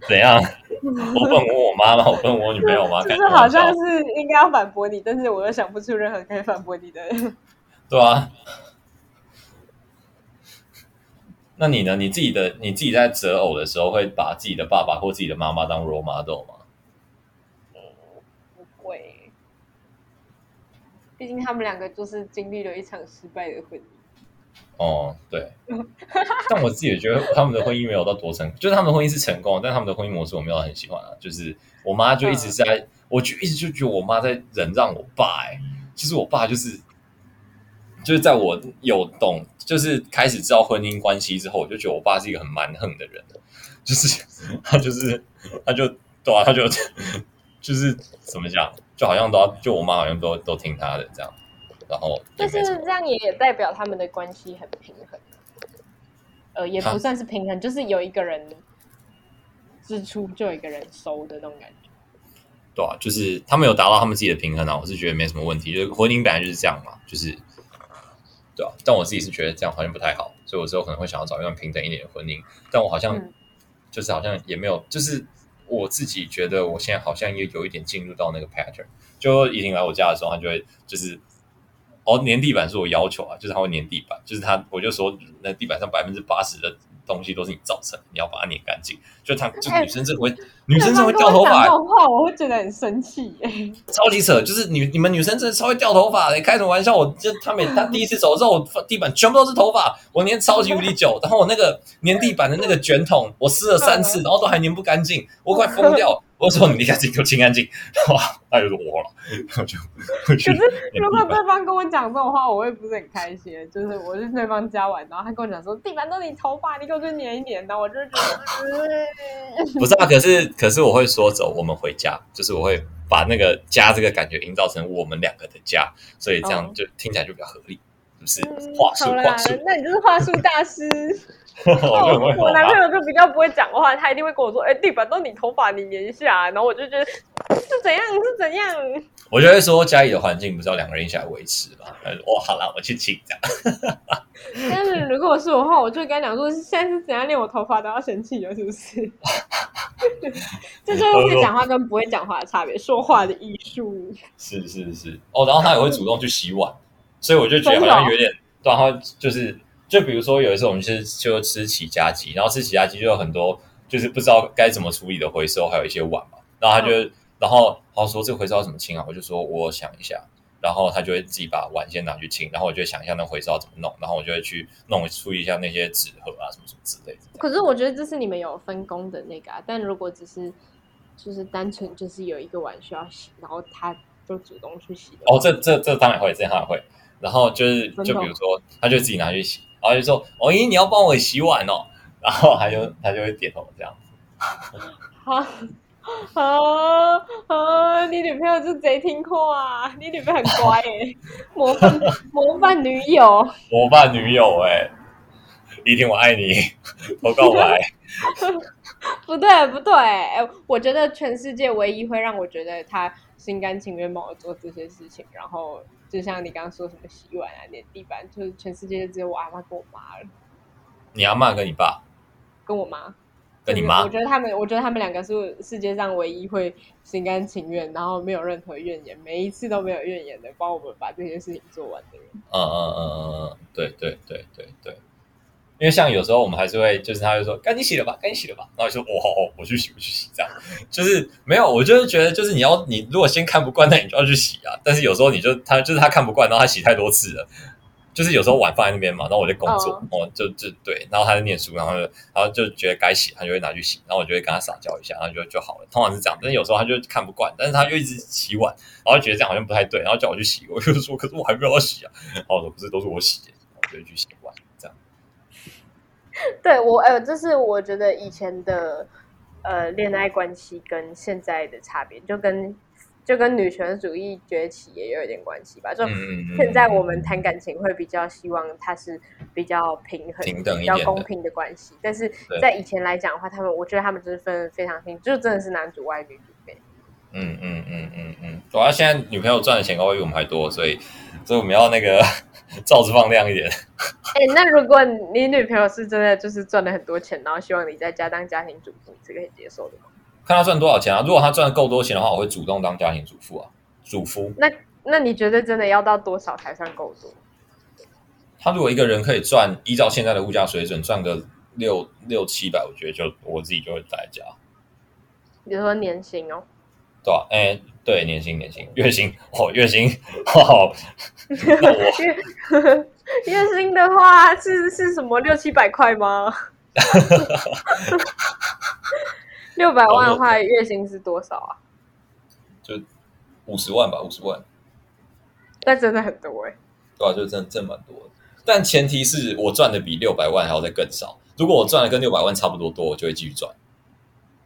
怎樣？我問我媽嗎？我問我女朋友嗎、 就是？就是好像是應該要反駁你。 但是我又想不出任何可以反駁你的，對吧。啊？那你呢？你自己的，你自己在擇偶的時候會把自己的爸爸或自己的媽媽當 role model 嗎？嗯、哦，不會，畢竟他們兩個就是經歷了一場失敗的婚姻。哦，對。 但我自己也覺得他們的婚姻沒有到多成功， 就是他們的婚姻是成功，但他們的婚姻模式我沒有很喜歡啊。就是我媽就一直在，嗯、我就一直就覺得我媽在忍讓我爸、欸，哎，其實我爸就是。就是在我有懂，就是開始知道婚姻關係之後，我就覺得我爸是一個很蠻橫的人，就是他就是他就對啊，他就他就，他就，他就，就是怎麼講，就好像都要就我媽好像都都聽他的這樣，然後但是這樣也代表他們的關係很平衡，呃，也不算是平衡，啊、就是有一個人支出，就有一個人收的那種感覺。對啊，就是他們有達到他們自己的平衡啊，我是覺得沒什麼問題，就是婚姻本來就是這樣嘛，就是。對啊，但我自己是覺得這樣好像不太好，所以我之後可能會想要找一段平等一點的婚姻。但我好像、嗯、就是好像也沒有，就是我自己覺得我現在好像也有一點進入到那個 pattern，就伊婷來我家的時候，他就會就是，哦，粘地板是我要求啊，就是他會粘地板，就是他我就說那地板上百分之八十的，東西都是你造成的，你要把它粘乾淨。就他，就女生這會，欸、女生這會掉頭髮、欸，這、欸、話我會覺得很生氣、欸、超級扯，就是你你們女生這稍微掉頭髮、欸，開什麼玩笑？我就他每他第一次走的時候， 我地板全部都是頭髮，我粘超級無敵久， 然後我那個粘地板的那個捲筒，我撕了三次， 然後都還粘不乾淨，我快瘋掉。 我說你乾淨就清乾淨，哇，那就是我了，我就。我就，可是如果對方跟我講這種話，我會不是很開心。就是我去對方家玩，然後他跟我講說地板都是你頭髮，你給我去捻一捻的，我就覺得、就是。不是啊，可是可是我會說走，我們回家，就是我會把那個家這個感覺營造成我們兩個的家，所以這樣就聽起來就比較合理，就是不是？嗯、話術話術，那你就是話術大師。 我男朋友就比較不會講話，他一定會跟我說：“哎、欸，地板都你頭髮，你粘下。”然後我就覺得是怎樣？是怎樣？怎樣我覺得說家裡的環境不知道，兩個人一起來維持嘛。我好了，我去請講。 但是如果是我的話，我就會跟他講說：現在是怎樣？連我頭髮都要生氣了，是不是？這 就是會講話跟不會講話的差別，說話的藝術。是是是哦，然後他也會主動去洗碗，嗯、所以我就覺得好像有點，然後、嗯、就是。就比如說有一次我們是就，就吃起家雞，然後吃起家雞就有很多就是不知道該怎麼處理的回收，還有一些碗嘛。然後他就、哦、然後他說這個回收怎麼清啊？我就說我想一下。然後他就會自己把碗先拿去清，然後我就想一下那回收怎麼弄，然後我就會去弄處理一下那些紙盒啊什麼什麼之類、之類的。可是我覺得這是你們有分工的那個、啊，但如果只是就是單純就是有一個碗需要洗，然後他就主動去洗的。哦，這這這、這當然會，這當然會。然後就是，當就比如說，他就自己拿去洗，然後就說：“哦咦，你要幫我洗碗哦。”然後他就他就會點頭這樣子。啊啊啊！你女朋友就賊聽話、啊，你女朋友很乖，模範模範女友。模範女友哎、欸，一天我愛你，我告白。 不對不對，我覺得全世界唯一會讓我覺得他。心甘情願幫我做這些事情，然後就像你剛剛說什麼洗碗啊、粘地板，就是全世界就只有我阿嬤跟我媽了。你阿嬤跟你爸，跟我媽，跟你媽。我覺得他們，我覺得他們兩個是世界上唯一會心甘情願，然後沒有任何怨言，每一次都沒有怨言的，幫我們把這些事情做完的人。嗯嗯嗯嗯嗯，對對對對對。因為像有時候我們還是會，就是他就說：“趕緊洗了吧，趕緊洗了吧。”然後就說哦：“哦，我去洗，我去洗。”這樣就是沒有，我就是覺得，就是你要你如果先看不慣，那你就要去洗啊。但是有時候你就他就是他看不慣，然後他洗太多次了，就是有時候碗放在那邊嘛，然後我在工作，哦，就就對，然後他在念書，然後就然後就覺得該洗，他就會拿去洗，然後我就會跟他撒嬌一下，然後就就好了。通常是這樣，但是有時候他就看不慣，但是他就一直洗碗，然後覺得這樣好像不太對，然後叫我去洗，我就說：“可是我還沒有洗啊。”然後我說：“不是，都是我洗。”我就去洗。對我，呃這是我覺得以前的呃戀愛關係跟現在的差別，就跟就跟女權主義崛起也有一點關係吧。就現在我們談感情會比較希望它是比較平衡、平等的、比較公平的關係。但是在以前來講的話，他們我覺得他們就是分得非常清楚，就真的是男主外女主內、嗯。嗯嗯嗯嗯嗯，主、嗯、要、嗯、現在女朋友賺的錢高於我們還多，所以所以我們要那個。 罩子放亮一點。哎、欸，那如果你女朋友是真的，就是賺了很多錢， 然後希望你在家當家庭主婦，這個可以接受的嗎？看她賺多少錢啊！如果她賺夠多錢的話，我會主動當家庭主婦啊，主夫。那那你覺得真的要到多少才算夠多？他如果一個人可以賺，依照現在的物價水準，賺個六六七百，我覺得就我自己就會在家。你比如說年薪哦？對啊，哎、欸。對，年薪、年薪、月薪哦，月薪，哈、哦、哈、哦， 月月薪的話是是什麼六七百塊嗎？六 百萬的話，月薪是多少啊？就五十萬吧，五十萬。但真的很多哎、欸。對啊，就真的真的蠻多的。但前提是我賺的比六百萬還要再更少。如果我賺的跟六百萬差不多多，我就會繼續賺。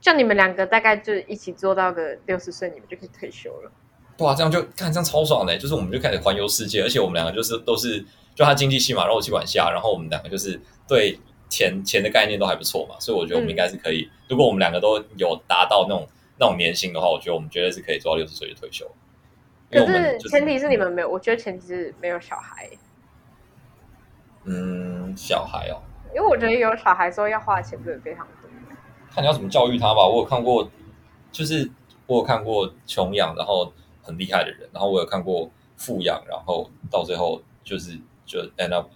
像你們兩個大概就一起做到個六十歲，你們就可以退休了。對啊，這樣就看這樣超爽的，就是我們就開始環遊世界，而且我們兩個就是都是就他經濟系嘛，然後我系管然後我們兩個就是對錢錢的概念都還不錯嘛，所以我覺得我們應該是可以。嗯、如果我們兩個都有達到那種那種年薪的話，我覺得我們絕對是可以做到六十歲就退休。就是，可是前提是你們沒有，我覺得前提是沒有小孩。嗯，小孩哦，因為我覺得有小孩之後要花錢就是非常。看你要怎麼教育他吧。我有看過，就是我有看過窮養然後很厲害的人，然後我有看過富養，然後到最後就是就 end up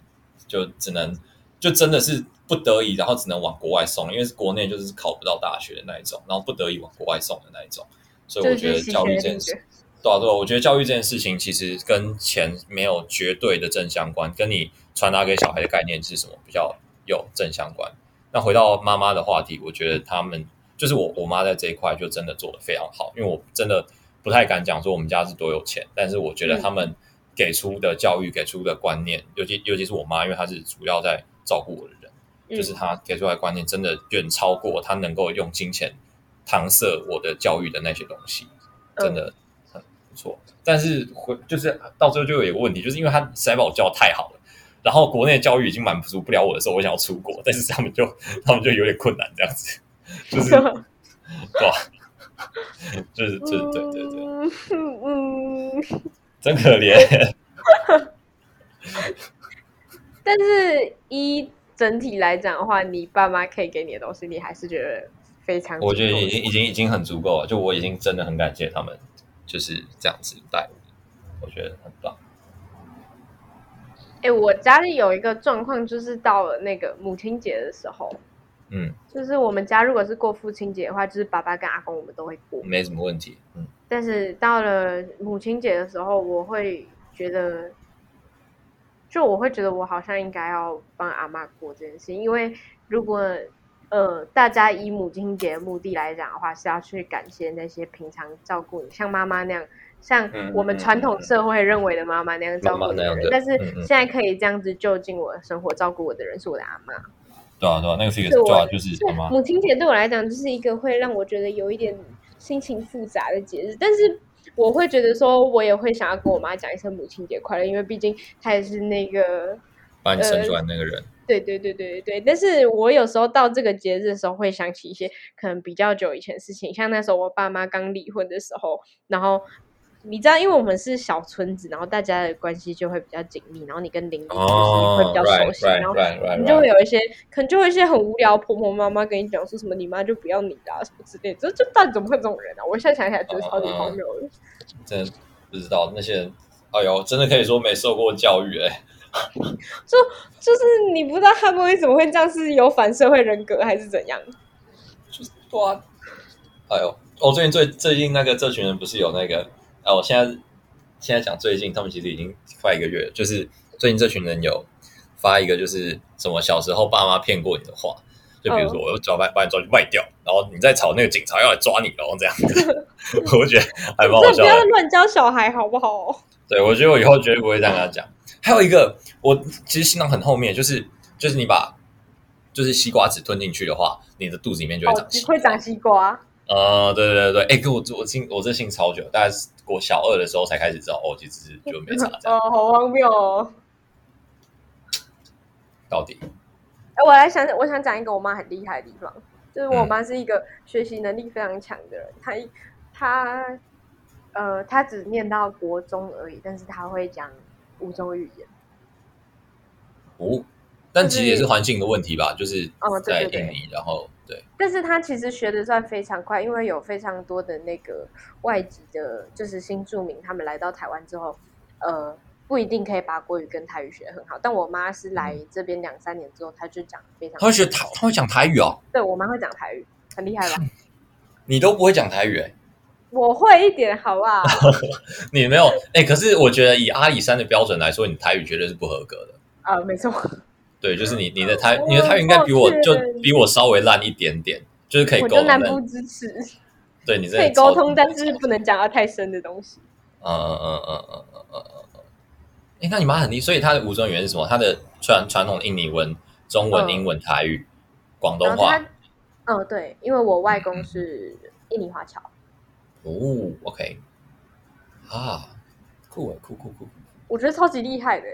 就只能就真的是不得已，然後只能往國外送，因為國內就是考不到大學的那一種，然後不得已往國外送的那一種。所以我覺得教育這件事，對，謝謝對啊對啊，對啊，我覺得教育這件事情其實跟錢沒有絕對的正相關，跟你傳達給小孩的概念是什麼比較有正相關。那回到媽媽的話題，我覺得他們就是我我媽在這一塊就真的做得非常好。因為我真的不太敢講說我們家是多有錢，但是我覺得他們給出的教育、嗯、給出的觀念，尤其尤其是我媽，因為她是主要在照顧我的人，嗯、就是她給出來的觀念真的遠超過她能夠用金錢搪塞我的教育的那些東西，真的很不錯。嗯、但是回就是到最後就有一個問題，就是因為她實在把我教得太好了。然後國內的教育已經滿足不了我的時候，我想要出國，但是他們就他們就有點困難，這樣子，就是對 就是就是對對、嗯、對，對對對嗯，真可憐。 但是，以整體來講的話，你爸媽可以給你的東西，你還是覺得非常。我覺得已經已經已經很足夠了，就我已經真的很感謝他們，就是這樣子帶我，我覺得很棒。哎、欸，我家裡有一個狀況，就是到了那個母親節的時候，嗯，就是我們家如果是過父親節的話，就是爸爸跟阿公我們都會過，沒什麼問題，嗯。但是到了母親節的時候，我會覺得，就我會覺得我好像應該要幫阿媽過這件事，因為如果呃大家以母親節的目的來講的話，是要去感謝那些平常照顧你像媽媽那樣。像我們傳統社會認為的媽媽那樣照顧的人，媽媽那樣的，但是現在可以這樣子就近我生活，嗯、嗯、照顧我的人是我的阿嬤。對啊，對啊，那個是一個，就是就母親節對我來講，就是一個會讓我覺得有一點心情複雜的節日。嗯、但是我會覺得說，我也會想要跟我媽講一聲母親節快樂，因為畢竟她也是那個把你生出來那個人，呃。對對對對對對。但是我有時候到這個節日的時候，會想起一些可能比較久以前的事情，像那時候我爸媽剛離婚的時候，然後。你知道，因為我們是小村子，然後大家的關係就會比較緊密，然後你跟鄰居就是會比較熟悉，oh, 然後你就會有一些，right, right, right, right, 可能就會有一些很無聊婆婆媽媽跟你講說什麼、嗯、你媽就不要你的、啊、什麼之類的，這這到底怎麼會這種人啊？我現在想起來覺得超級荒謬、um, um, um, um, 真的不知道那些人，哎呦，真的可以說沒受過教育哎、欸，就 就是你不知道他們為什麼會這樣，是有反社會人格還是怎樣？就是哇，哎呦，我、哦、最近最最近那個這群人不是有那個。啊，我現在現在講最近，他們其實已經快一個月了。就是最近這群人有發一個，就是什麼小時候爸媽騙過你的話，就比如說我要抓把把你抓去賣掉，嗯、然後你再吵那個警察要來抓你，然後這樣子， 我覺得還蠻搞笑。不要亂教小孩好不好？對，我覺得我以後絕對不會這樣跟他講。嗯、還有一個，我其實信到很後面，就是就是你把就是西瓜籽吞進去的話，你的肚子裡面就會長西瓜、哦，會長西瓜。呃，對對對對，哎、欸，跟，我我信我這信超久，但是。我小二的時候才開始找哦，其實是就沒啥 哦，好荒謬哦！到底、欸？我來想，我想講一個我媽很厲害的地方，就是我媽是一個學習能力非常強的人。她、嗯，她，呃，她只念到國中而已，但是她會講五種語言。哦。但其實也是環境的問題吧，是就是在印尼，哦、對對對然後對。但是他其實學的算非常快，因為有非常多的那個外籍的，就是新住民，他們來到台灣之後，呃，不一定可以把國語跟台語學得很好。但我媽是來這邊兩三年之後，嗯、她就講非常她會學台他,他會講台語哦，對，我媽會講台語，很厲害吧？ 你都不會講台語、欸？我會一點，好不好？ 你沒有？哎、欸，可是我覺得以阿里山的標準來說，你台語絕對是不合格的啊、呃，沒錯。對，就是你你的台你的台語應該比我就比我稍微爛一點點，就是可以溝通。支持，對，你這可以溝通，超但是不能講到太深的東西。嗯嗯嗯嗯嗯嗯嗯嗯。哎、嗯嗯嗯嗯嗯，那你媽很厲，所以她的五種語言是什麼？她的傳傳統印尼文、中文、英文、嗯、台語、廣東話。嗯，對，因為我外公是印尼華僑。嗯、哦，OK，啊，酷啊，酷酷酷！我覺得超級厲害的。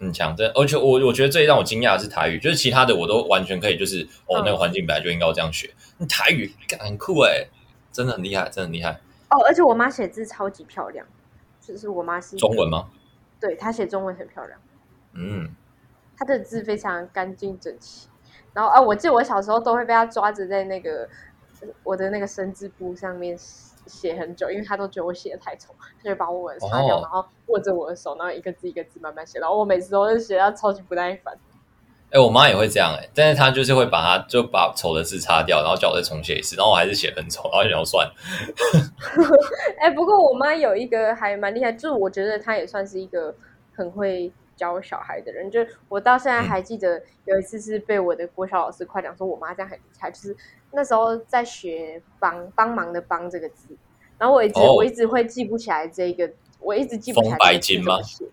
很強，真的，而且我我覺得最讓我驚訝的是台語，就是其他的我都完全可以，就是哦，那個環境本來就應該這樣學。嗯、台語很酷哎，真的很厲害，真的很厲害。哦，而且我媽寫字超級漂亮，就是我媽是中文嗎？對，她寫中文很漂亮。嗯，她的字非常乾淨整齊。然後啊，我記得我小時候都會被她抓着在那個我的那個生字簿上面，寫很久，因為他都覺得我寫得太醜，他就把我的擦掉，哦、然後握着我的手，然後一個字一個字慢慢寫。然後我每次都是寫到超級不耐煩。哎、欸，我媽也會這樣哎、欸，但是她就是會把他就把醜的字擦掉，然後叫我再重寫一次，然後我還是寫很醜，然後想要算。哎、 欸，不過我媽有一個還蠻厲害，就是我覺得她也算是一個很會。教小孩的人，就我到現在還記得有一次是被我的國小老師誇獎，說我媽這樣很厲害。就是那時候在學幫幫忙的“幫”這個字，然後我一直、哦、我一直會記不起來這個，我一直記不起來怎麼寫。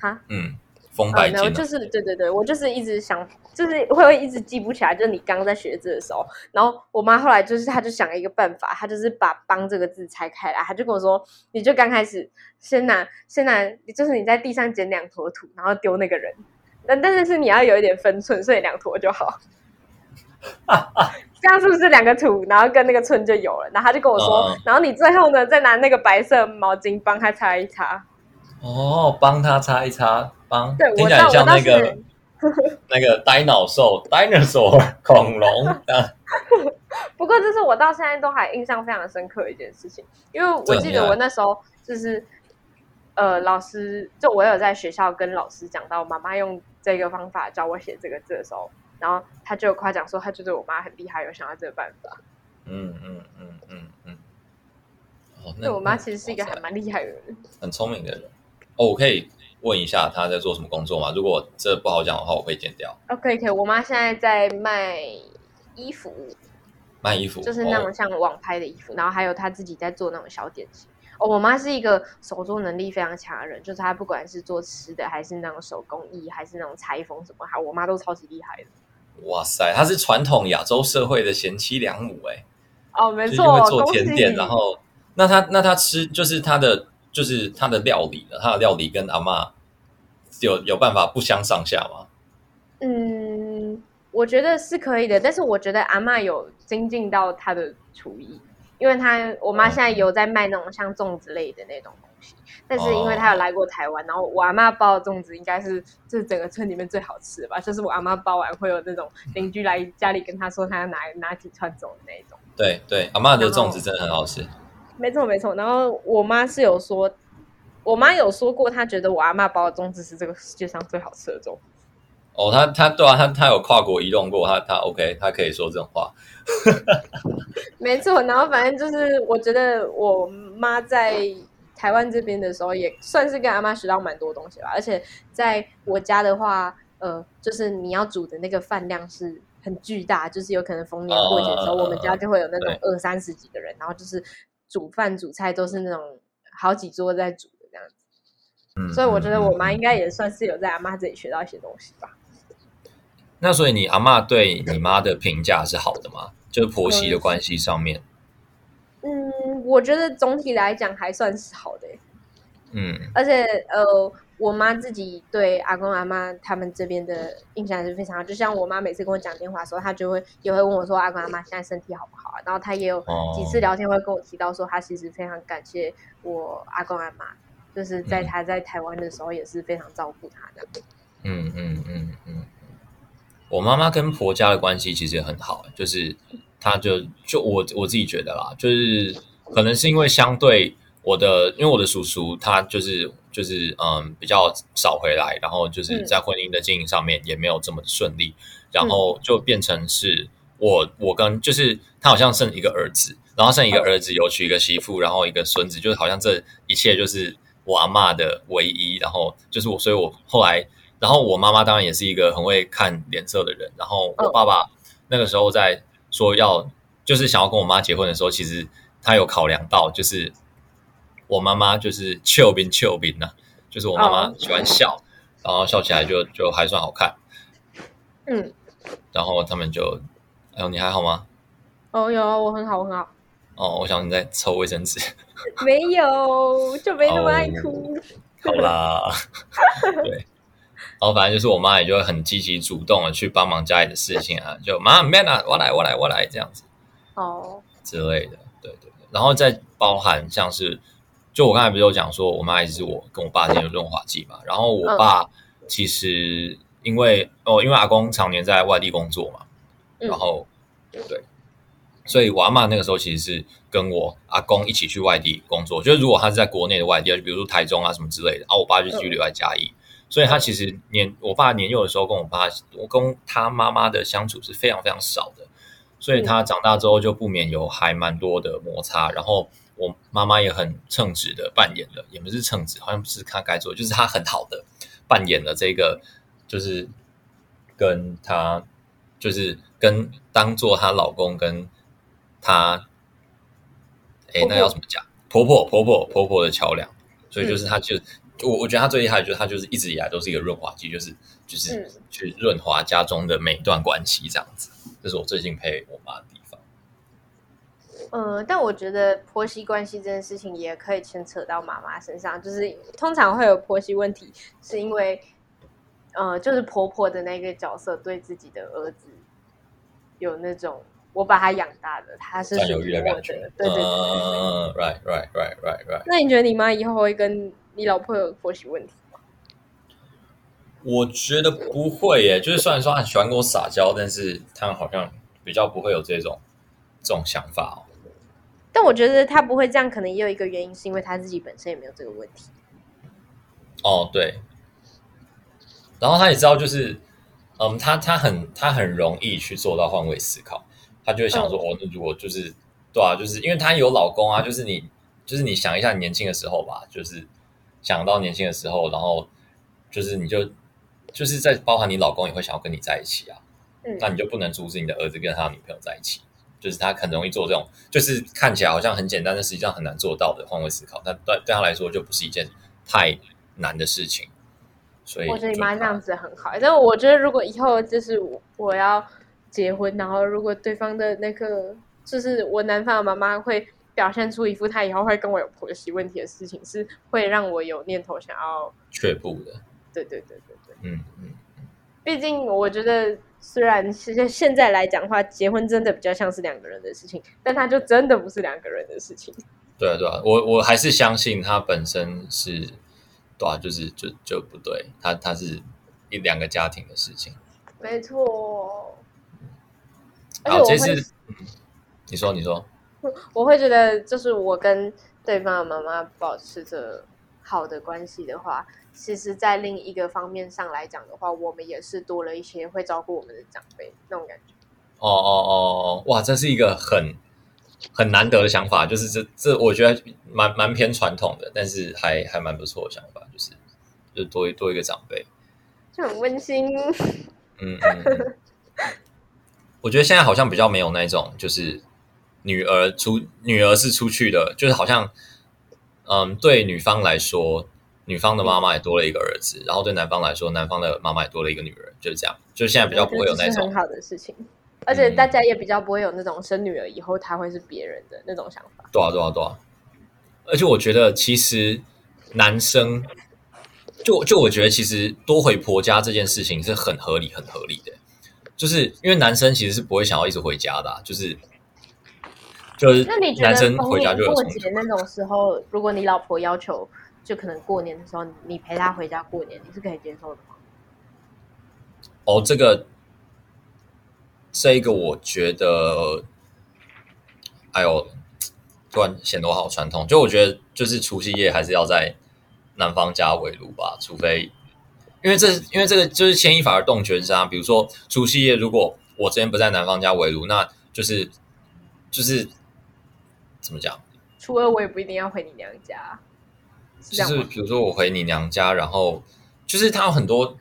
哈，嗯，封白巾、啊，嗯、我就是對對對，我就是一直想。就是會不會一直記不起來，就是你剛剛在學字的時候，然後我媽後來就是她就想了一個辦法，她就是把“幫”這個字拆開來，她就跟我說：“你就剛開始先拿，先拿，就是你在地上撿兩坨土，然後丟那個人，但但是你要有一點分寸，所以兩坨就好。啊”啊啊！這樣是不是兩個土，然後跟那個寸就有了？然後她就跟我說：“呃、然後你最後呢，再拿那個白色毛巾幫她擦一擦。”哦，幫她擦一擦，幫。對，我到，聽起來像那個。 那個呆腦獸 （Dinosaur） 恐龍 不過這是我到現在都還印象非常深刻的一件事情，因為我記得我那時候就是呃，老師就我有在學校跟老師講到我媽媽用這個方法教我寫這個字的時候，然後他就誇獎說他覺得我媽很厲害，有想到這個辦法。嗯嗯嗯嗯嗯，嗯嗯嗯哦、那我媽其實是一個還蠻厲害的人，哦、很聰明的人哦，可以。問一下他在做什麼工作嗎？如果這不好講的話，我會剪掉。OK，可以我媽現在在賣衣服，賣衣服就是那種像網拍的衣服，哦、然後還有她自己在做那種小點心。哦，我媽是一個手作能力非常強的人，就是她不管是做吃的，還是那種手工藝，還是那種裁縫什麼，我媽都超級厲害的。哇塞，她是傳統亞洲社會的賢妻良母哎、欸。哦，沒錯，會做甜點，喜然後那她那她吃就是她的。就是他的料理呢，他的料理跟阿嬤有有辦法不相上下嗎？嗯，我覺得是可以的，但是我覺得阿嬤有精進到他的廚藝，因為他，我媽現在有在賣那種像粽子類的那種東西，哦、但是因為他有來過台灣，然後我阿嬤包的粽子應該是就是整個村裡面最好吃的吧，就是我阿嬤包完會有那種鄰居來家裡跟他說他要拿 拿，拿幾串走的那種。對對，阿嬤的粽子真的很好吃。沒錯，沒錯。然後我媽是有說，我媽有說過，她覺得我阿媽包的粽子是這個世界上最好吃的粽。哦，她他對啊，她有跨國移動過，她她 OK，她可以說這種話。 沒錯，然後反正就是，我覺得我媽在台灣這邊的時候，也算是跟阿媽學到蠻多東西吧。而且在我家的話，呃，就是你要煮的那個飯量是很巨大，就是有可能逢年過節的時候，哦、啊啊啊啊我們家就會有那種二三十幾個人，對然後就是。煮飯煮菜都是那種好幾桌在煮的這樣子，嗯、所以我覺得我媽應該也算是有在阿媽這裡學到一些東西吧。那所以你阿媽對你媽的評價是好的嗎？就是婆媳的關係上面？嗯，我覺得總體來講還算是好的、欸。嗯，而且呃。我媽自己對阿公阿媽他們這邊的印象是非常好，就像我媽每次跟我講電話的時候，她就會也會問我說阿公阿媽現在身體好不好啊？然後她也有幾次聊天會跟我提到說，她其實非常感謝我阿公阿媽，就是在她在台灣的時候也是非常照顧她的。嗯嗯嗯嗯，我媽媽跟婆家的關係其實也很好，就是她就就我我自己覺得啦，就是可能是因為相對我的，因為我的叔叔他就是。就是嗯，比較少回來，然後就是在婚姻的經營上面也沒有這麼順利，嗯、然後就變成是我我跟就是他好像生一個兒子，然後生一個兒子，有娶一個媳婦，然後一個孫子，就是好像這一切就是我阿嬤的唯一，然後就是我，所以我後來，然後我媽媽當然也是一個很會看臉色的人，然後我爸爸那個時候在說要就是想要跟我媽結婚的時候，其實他有考量到就是。我媽媽就是俏皮俏皮吶，就是我媽媽喜歡笑，哦、然後笑起來就就還算好看，嗯，然後他們就，哎呦，你還好嗎？哦喲，我很好我很好。哦，我想你在抽衛生紙。沒有，就沒那麼愛哭。哦、好啦， 對， 然後反正就是我媽也就很積極主動的去幫忙家裡的事情啊，就媽媽，man 啊，我來我來我來，我來這樣子，哦之類的，對對對，然後再包含像是。就我剛才不是有講說，我媽也是我跟我爸之間有潤滑劑嘛，然後我爸其實因為哦，因為阿公常年在外地工作嘛，然後對，所以我阿嬤那個時候其實是跟我阿公一起去外地工作。就是如果他是在國內的外地，比如說台中啊什麼之類的，啊，我爸就繼續留在嘉義。所以他其實年我爸年幼的時候，跟我爸我跟他媽媽的相處是非常非常少的，所以他長大之後就不免有還蠻多的摩擦，然後。我媽媽也很稱職的扮演了，也不是稱職，好像不是她該做，就是她很好的扮演了這個，就是跟她，就是跟當做她老公跟她，哎，那要怎麼講婆？婆婆婆婆婆婆的橋樑，所以就是她就、嗯、我我覺得她最厲害，就是她就是一直以來都是一個潤滑劑，就是就是去潤滑家中的每一段關係這樣子，嗯、這是我最敬佩我媽的。嗯，但我覺得婆媳關係這件事情也可以牽扯到媽媽身上，就是通常會有婆媳問題，是因為，呃，就是婆婆的那個角色對自己的兒子有那種我把他養大的，他是我的，的感覺，對，對，對對對，嗯嗯嗯，right right right right right。那你覺得你媽以後會跟你老婆有婆媳問題嗎？我覺得不會耶，就是雖然說他很喜歡跟我撒嬌，但是她好像比較不會有這種這種想法哦。但我覺得他不會這樣，可能也有一個原因，是因為他自己本身也沒有這個問題。哦，對。然後他也知道，就是，嗯，他他很他很容易去做到換位思考，他就會想說，哦，哦，那如果就是對啊，就是因為他有老公啊，就是你就是你想一下你年輕的時候吧，就是想到年輕的時候，然後就是你就就是在包含你老公也會想要跟你在一起啊，嗯，那你就不能阻止你的兒子跟他的女朋友在一起。就是他很容易做這種，就是看起來好像很簡單，但實際上很難做到的，換位思考，但對對他來說就不是一件太難的事情。所以我覺得你媽這樣子很好。但我覺得如果以後就是我要結婚，然後如果對方的那個就是我男方的媽媽會表現出一副他以後會跟我有婆媳問題的事情，是會讓我有念頭想要卻步的。對對對對對，嗯嗯。嗯、畢竟我覺得。雖然現在現在來講的話，結婚真的比較像是兩個人的事情，但它就真的不是兩個人的事情。對啊，對啊，我我還是相信它本身是，對啊，就是就就不對，它它是一兩個家庭的事情。沒錯哦。好，這次你說你說，你說我會覺得就是我跟對方的媽媽保持着好的關係的話。其實，在另一個方面上來講的話，我們也是多了一些會照顧我們的長輩那種感覺。哦哦哦哦，哇，這是一個很很難得的想法，就是這這，我覺得蠻蠻偏傳統的，但是還還蠻不錯的想法，就是就多一多一個長輩，就很溫馨。嗯，嗯嗯 我覺得現在好像比較沒有那種，就是女兒出女兒是出去的，就是好像，嗯，對女方來說。女方的媽媽也多了一個兒子，嗯、然後對男方來說，男方的媽媽也多了一個女兒，就是這樣。就是現在比較不會有那種、嗯就是、很好的事情，而且大家也比較不會有那種生女兒以後她會是別人的那種想法。嗯、對啊、啊、對啊、對啊、而且我覺得其實男生就就我覺得其實多回婆家這件事情是很合理很合理的，就是因為男生其實是不會想要一直回家的、啊，就是、嗯、就是男生回家就，逢年過節那種時候，如果你老婆要求。就可能過年的時候，你陪他回家過年，你是可以接受的嗎？哦，這個，這個，我覺得，哎呦，突然顯得我好傳統。就我覺得，就是除夕夜還是要在男方家圍爐吧，除非因為這是因為這個就是牽一髮而動全身啊。比如說除夕夜，如果我這邊不在男方家圍爐，那就是就是怎麼講？初二我也不一定要回你娘家。是，就是比如說我回你娘家，然後就是他有很多，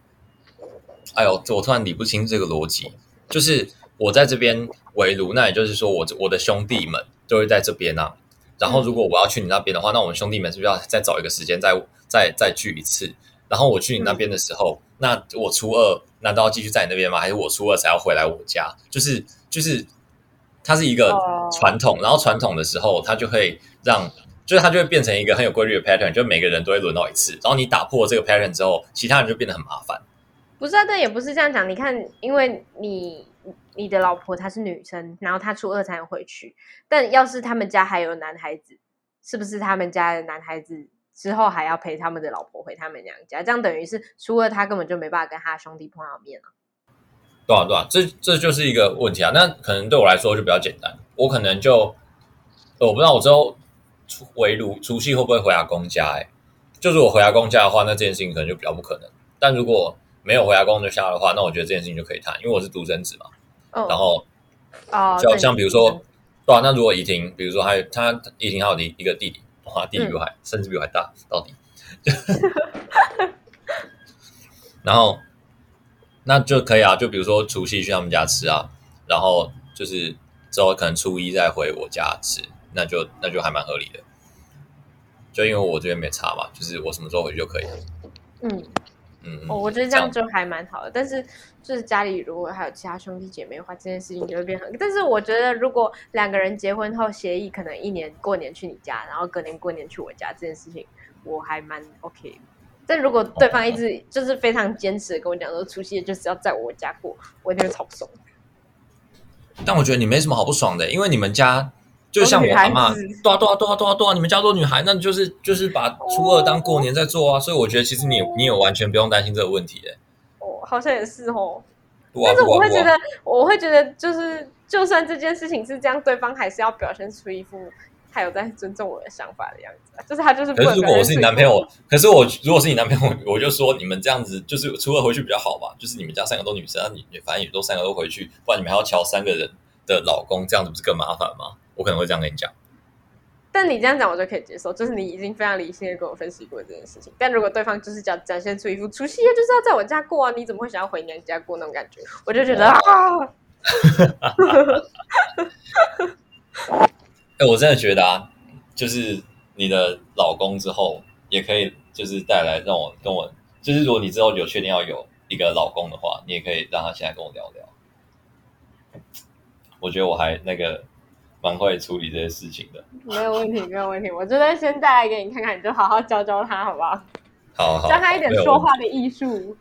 哎呦，我突然理不清這個邏輯。就是我在這邊圍爐，那也就是說我我的兄弟們都會在這邊啊。然後如果我要去你那邊的話，嗯、那我們兄弟們是不是要再找一個時間再再再聚一次？然後我去你那邊的時候，嗯、那我初二難道要繼續在你那邊嗎？還是我初二才要回來我家？就是就是它是一個傳統，哦、然後傳統的時候，它就會讓。所以他就會變成一個很有規律的 pattern，就每個人都會輪到一次。然後你打破這個 pattern 之後，其他人就變得很麻煩。不是啊，但也不是這樣講。你看，因為你你的老婆她是女生，然後她初二才能回去。但要是他們家還有男孩子，是不是他們家的男孩子之後還要陪他們的老婆回他們娘家？這樣等於是初二他根本就沒辦法跟他的兄弟碰到面了啊。對啊，對啊，這這就是一個問題啊。那可能對我來說就比較簡單，我可能就我不知道我之後。回爐，除夕會不會回阿公家、欸？哎，就是我回阿公家的話，那這件事情可能就比較不可能。但如果沒有回阿公家的話，那我覺得這件事情就可以談，因為我是獨生子嘛。Oh. 然後，哦，像像比如說，oh. Oh. 對啊，那如果怡婷，比如說還有她怡婷，還有一一個弟弟，哇，弟弟比我還、嗯、甚至比我還大，到底。 然後，那就可以啊，就比如說除夕去他們家吃啊，然後就是之後可能初一再回我家吃。那就那就還蠻合理的，就因為我這邊沒差嘛，就是我什麼時候回去就可以了。嗯嗯，哦，我覺得這樣就還蠻好的，這樣但是就是家裡如果還有其他兄弟姐妹的話，這件事情就會變很。但是我覺得如果兩個人結婚後協議，可能一年過年去你家，然後隔年過年去我家，這件事情我還蠻 OK。但如果對方一直就是非常堅持的跟我講說除夕就是要在我家過，我一定會超不爽。但我覺得你沒什麼好不爽的，因為你們家。就像我阿嬤、啊，對啊對啊對啊對啊，你們家都女孩，那你就是就是把初二當過年在做啊。哦、所以我覺得其實你、哦、你也完全不用擔心這個問題的。哦，好像也是哦。啊、但是我會覺得，啊啊、我會覺得就是，就算這件事情是這樣，對方還是要表現出一副他有在尊重我的想法的樣子、啊。就是他就是不會。可是如果我是你男朋友，可是我如果是你男朋友，我就說你們這樣子就是初二回去比較好吧。就是你們家三個都女生，啊、你反正也都三個都回去，不然你們還要喬三個人的老公，這樣子不是更麻煩嗎？我可能會這樣跟你講，但你這樣講我就可以接受。就是你已經非常理性地跟我分析過這件事情。但如果對方就是講展現出一副除夕夜、啊、就是要在我家過啊，你怎麼會想要回娘家過那種感覺？我就覺得啊，哎，我真的覺得啊，就是你的老公之後也可以，就是帶來讓我跟我，就是如果你之後有確定要有一個老公的話，你也可以讓他現在跟我聊聊。我覺得我還那個。蠻會處理這些事情的，沒有問題，沒有問題。我覺得現在來給你看看，你就好好教教他，好不好？好，好，好，好教他一點說話的藝術。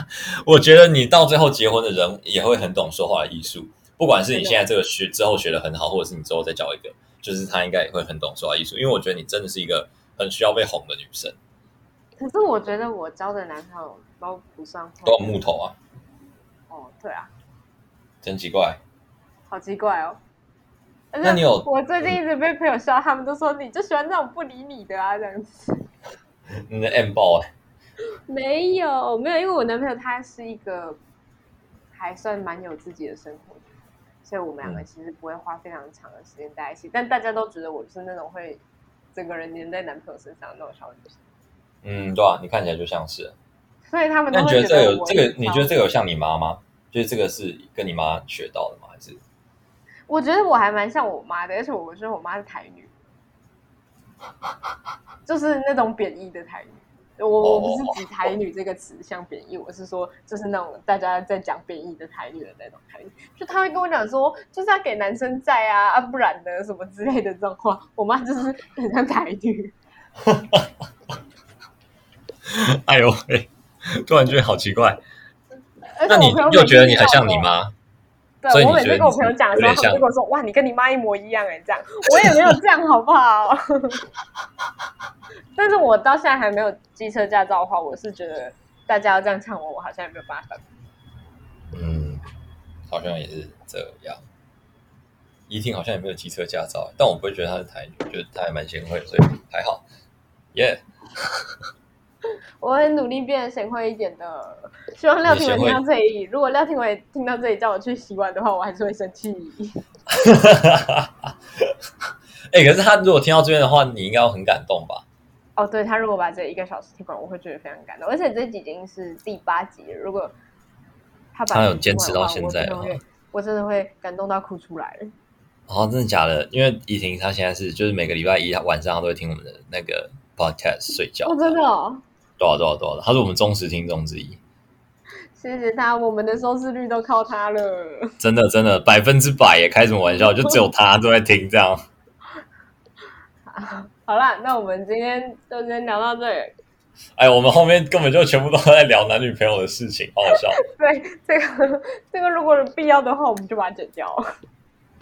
我覺得你到最後結婚的人也會很懂說話的藝術，不管是你現在這個學之後學得很好，或者是你之後再教一個，對對，就是他應該也會很懂說話的藝術。因為我覺得你真的是一個很需要被哄的女生。可是我覺得我交的男朋友都不算，都木頭啊。哦，對啊，真奇怪，好奇怪哦。那你有，但是我最近一直被朋友笑，他們都說，你就喜歡那種不理你的啊，這樣子。你的 MBL？、啊、沒有沒有，因為我男朋友他是一個還算蠻有自己的生活，所以我們兩個其實不會花非常長的時間在一起。嗯、但大家都覺得我是那種會整個人黏在男朋友身上的那種小、就是、嗯，對啊，你看起來就像是。所以他們都覺得這個、這個、你覺得這個有像你媽嗎？就是這個是跟你媽學到的嗎？還是？我覺得我還蠻像我媽的，而且我覺得我媽是台女，就是那種貶義的台女。我我不是指台女這個詞、oh. 像貶義，我是說就是那種大家在講貶義的台女的那種台女。就她會跟我講說，就是要給男生載啊，啊不然呢，什麼之類的這種話。我媽就是很像台女。 哎呦喂、哎，突然覺得好奇怪。 那你又覺得你很像你媽？ 有，我每次跟我朋友講的時候，他都跟我說：“哇，你跟你媽一模一樣哎，欸，這樣。”我也沒有這樣，好不好？ 但是，我到現在還沒有機車駕照的話，我是覺得大家要這樣嗆我，我好像也沒有辦法。嗯，好像也是這樣。依，e、婷好像也沒有機車駕照，欸，但我不會覺得她是台女，覺得她還蠻賢惠，所以還好。耶，yeah. ！我很努力變得賢惠一點的。希望廖廷文聽到這裡，如果廖廷文也聽到這裡叫我去洗碗的話，我還是會生氣。哈哈哈哈哈！哎，可是他如果聽到這邊的話，你應該會很感動吧？哦，對，他如果把這一個小時聽完，我會覺得非常感動。而且這集已經是第八集了，如果他，把他有堅持到現在，我，哦、我真的會感動到哭出來了。哦，真的假的？因為怡婷她現在是就是每個禮拜一晚上她都會聽我們的那個 podcast 睡覺，哦、真的、哦，多少多少多少，他是、啊啊、我們忠實聽眾之一。謝謝他，我們的收視率都靠他了。真的，真的，百分之百耶！開什麼玩笑？就只有他都在聽這樣。 好啦，那我們今天就先聊到這裡。哎，我們後面根本就全部都在聊男女朋友的事情，好，好笑。對，這個這個，如果有必要的話，我們就把它剪掉。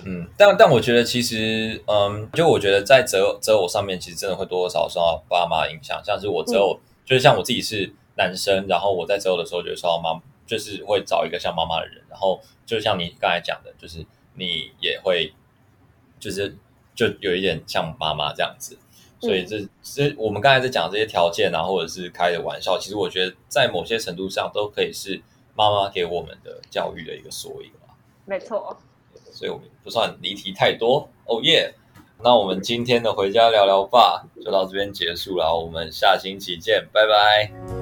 嗯，但但我覺得其實，嗯，就我覺得在擇擇偶上面，其實真的會多多少少受到爸媽影響。像是我擇偶，嗯、就是像我自己是。男生，然後我在擇偶的時候，就是說媽，就是會找一個像媽媽的人。然後就像你剛才講的，就是你也會，就是就有一點像媽媽這樣子。所以這這、嗯、我們剛才在講這些條件，啊，或者是開的玩笑，其實我覺得在某些程度上都可以是媽媽給我們的教育的一個縮影啊。沒錯，所以我們不算離題太多。哦耶，那我們今天的回家聊聊吧，就到這邊結束了。我們下星期見，拜拜。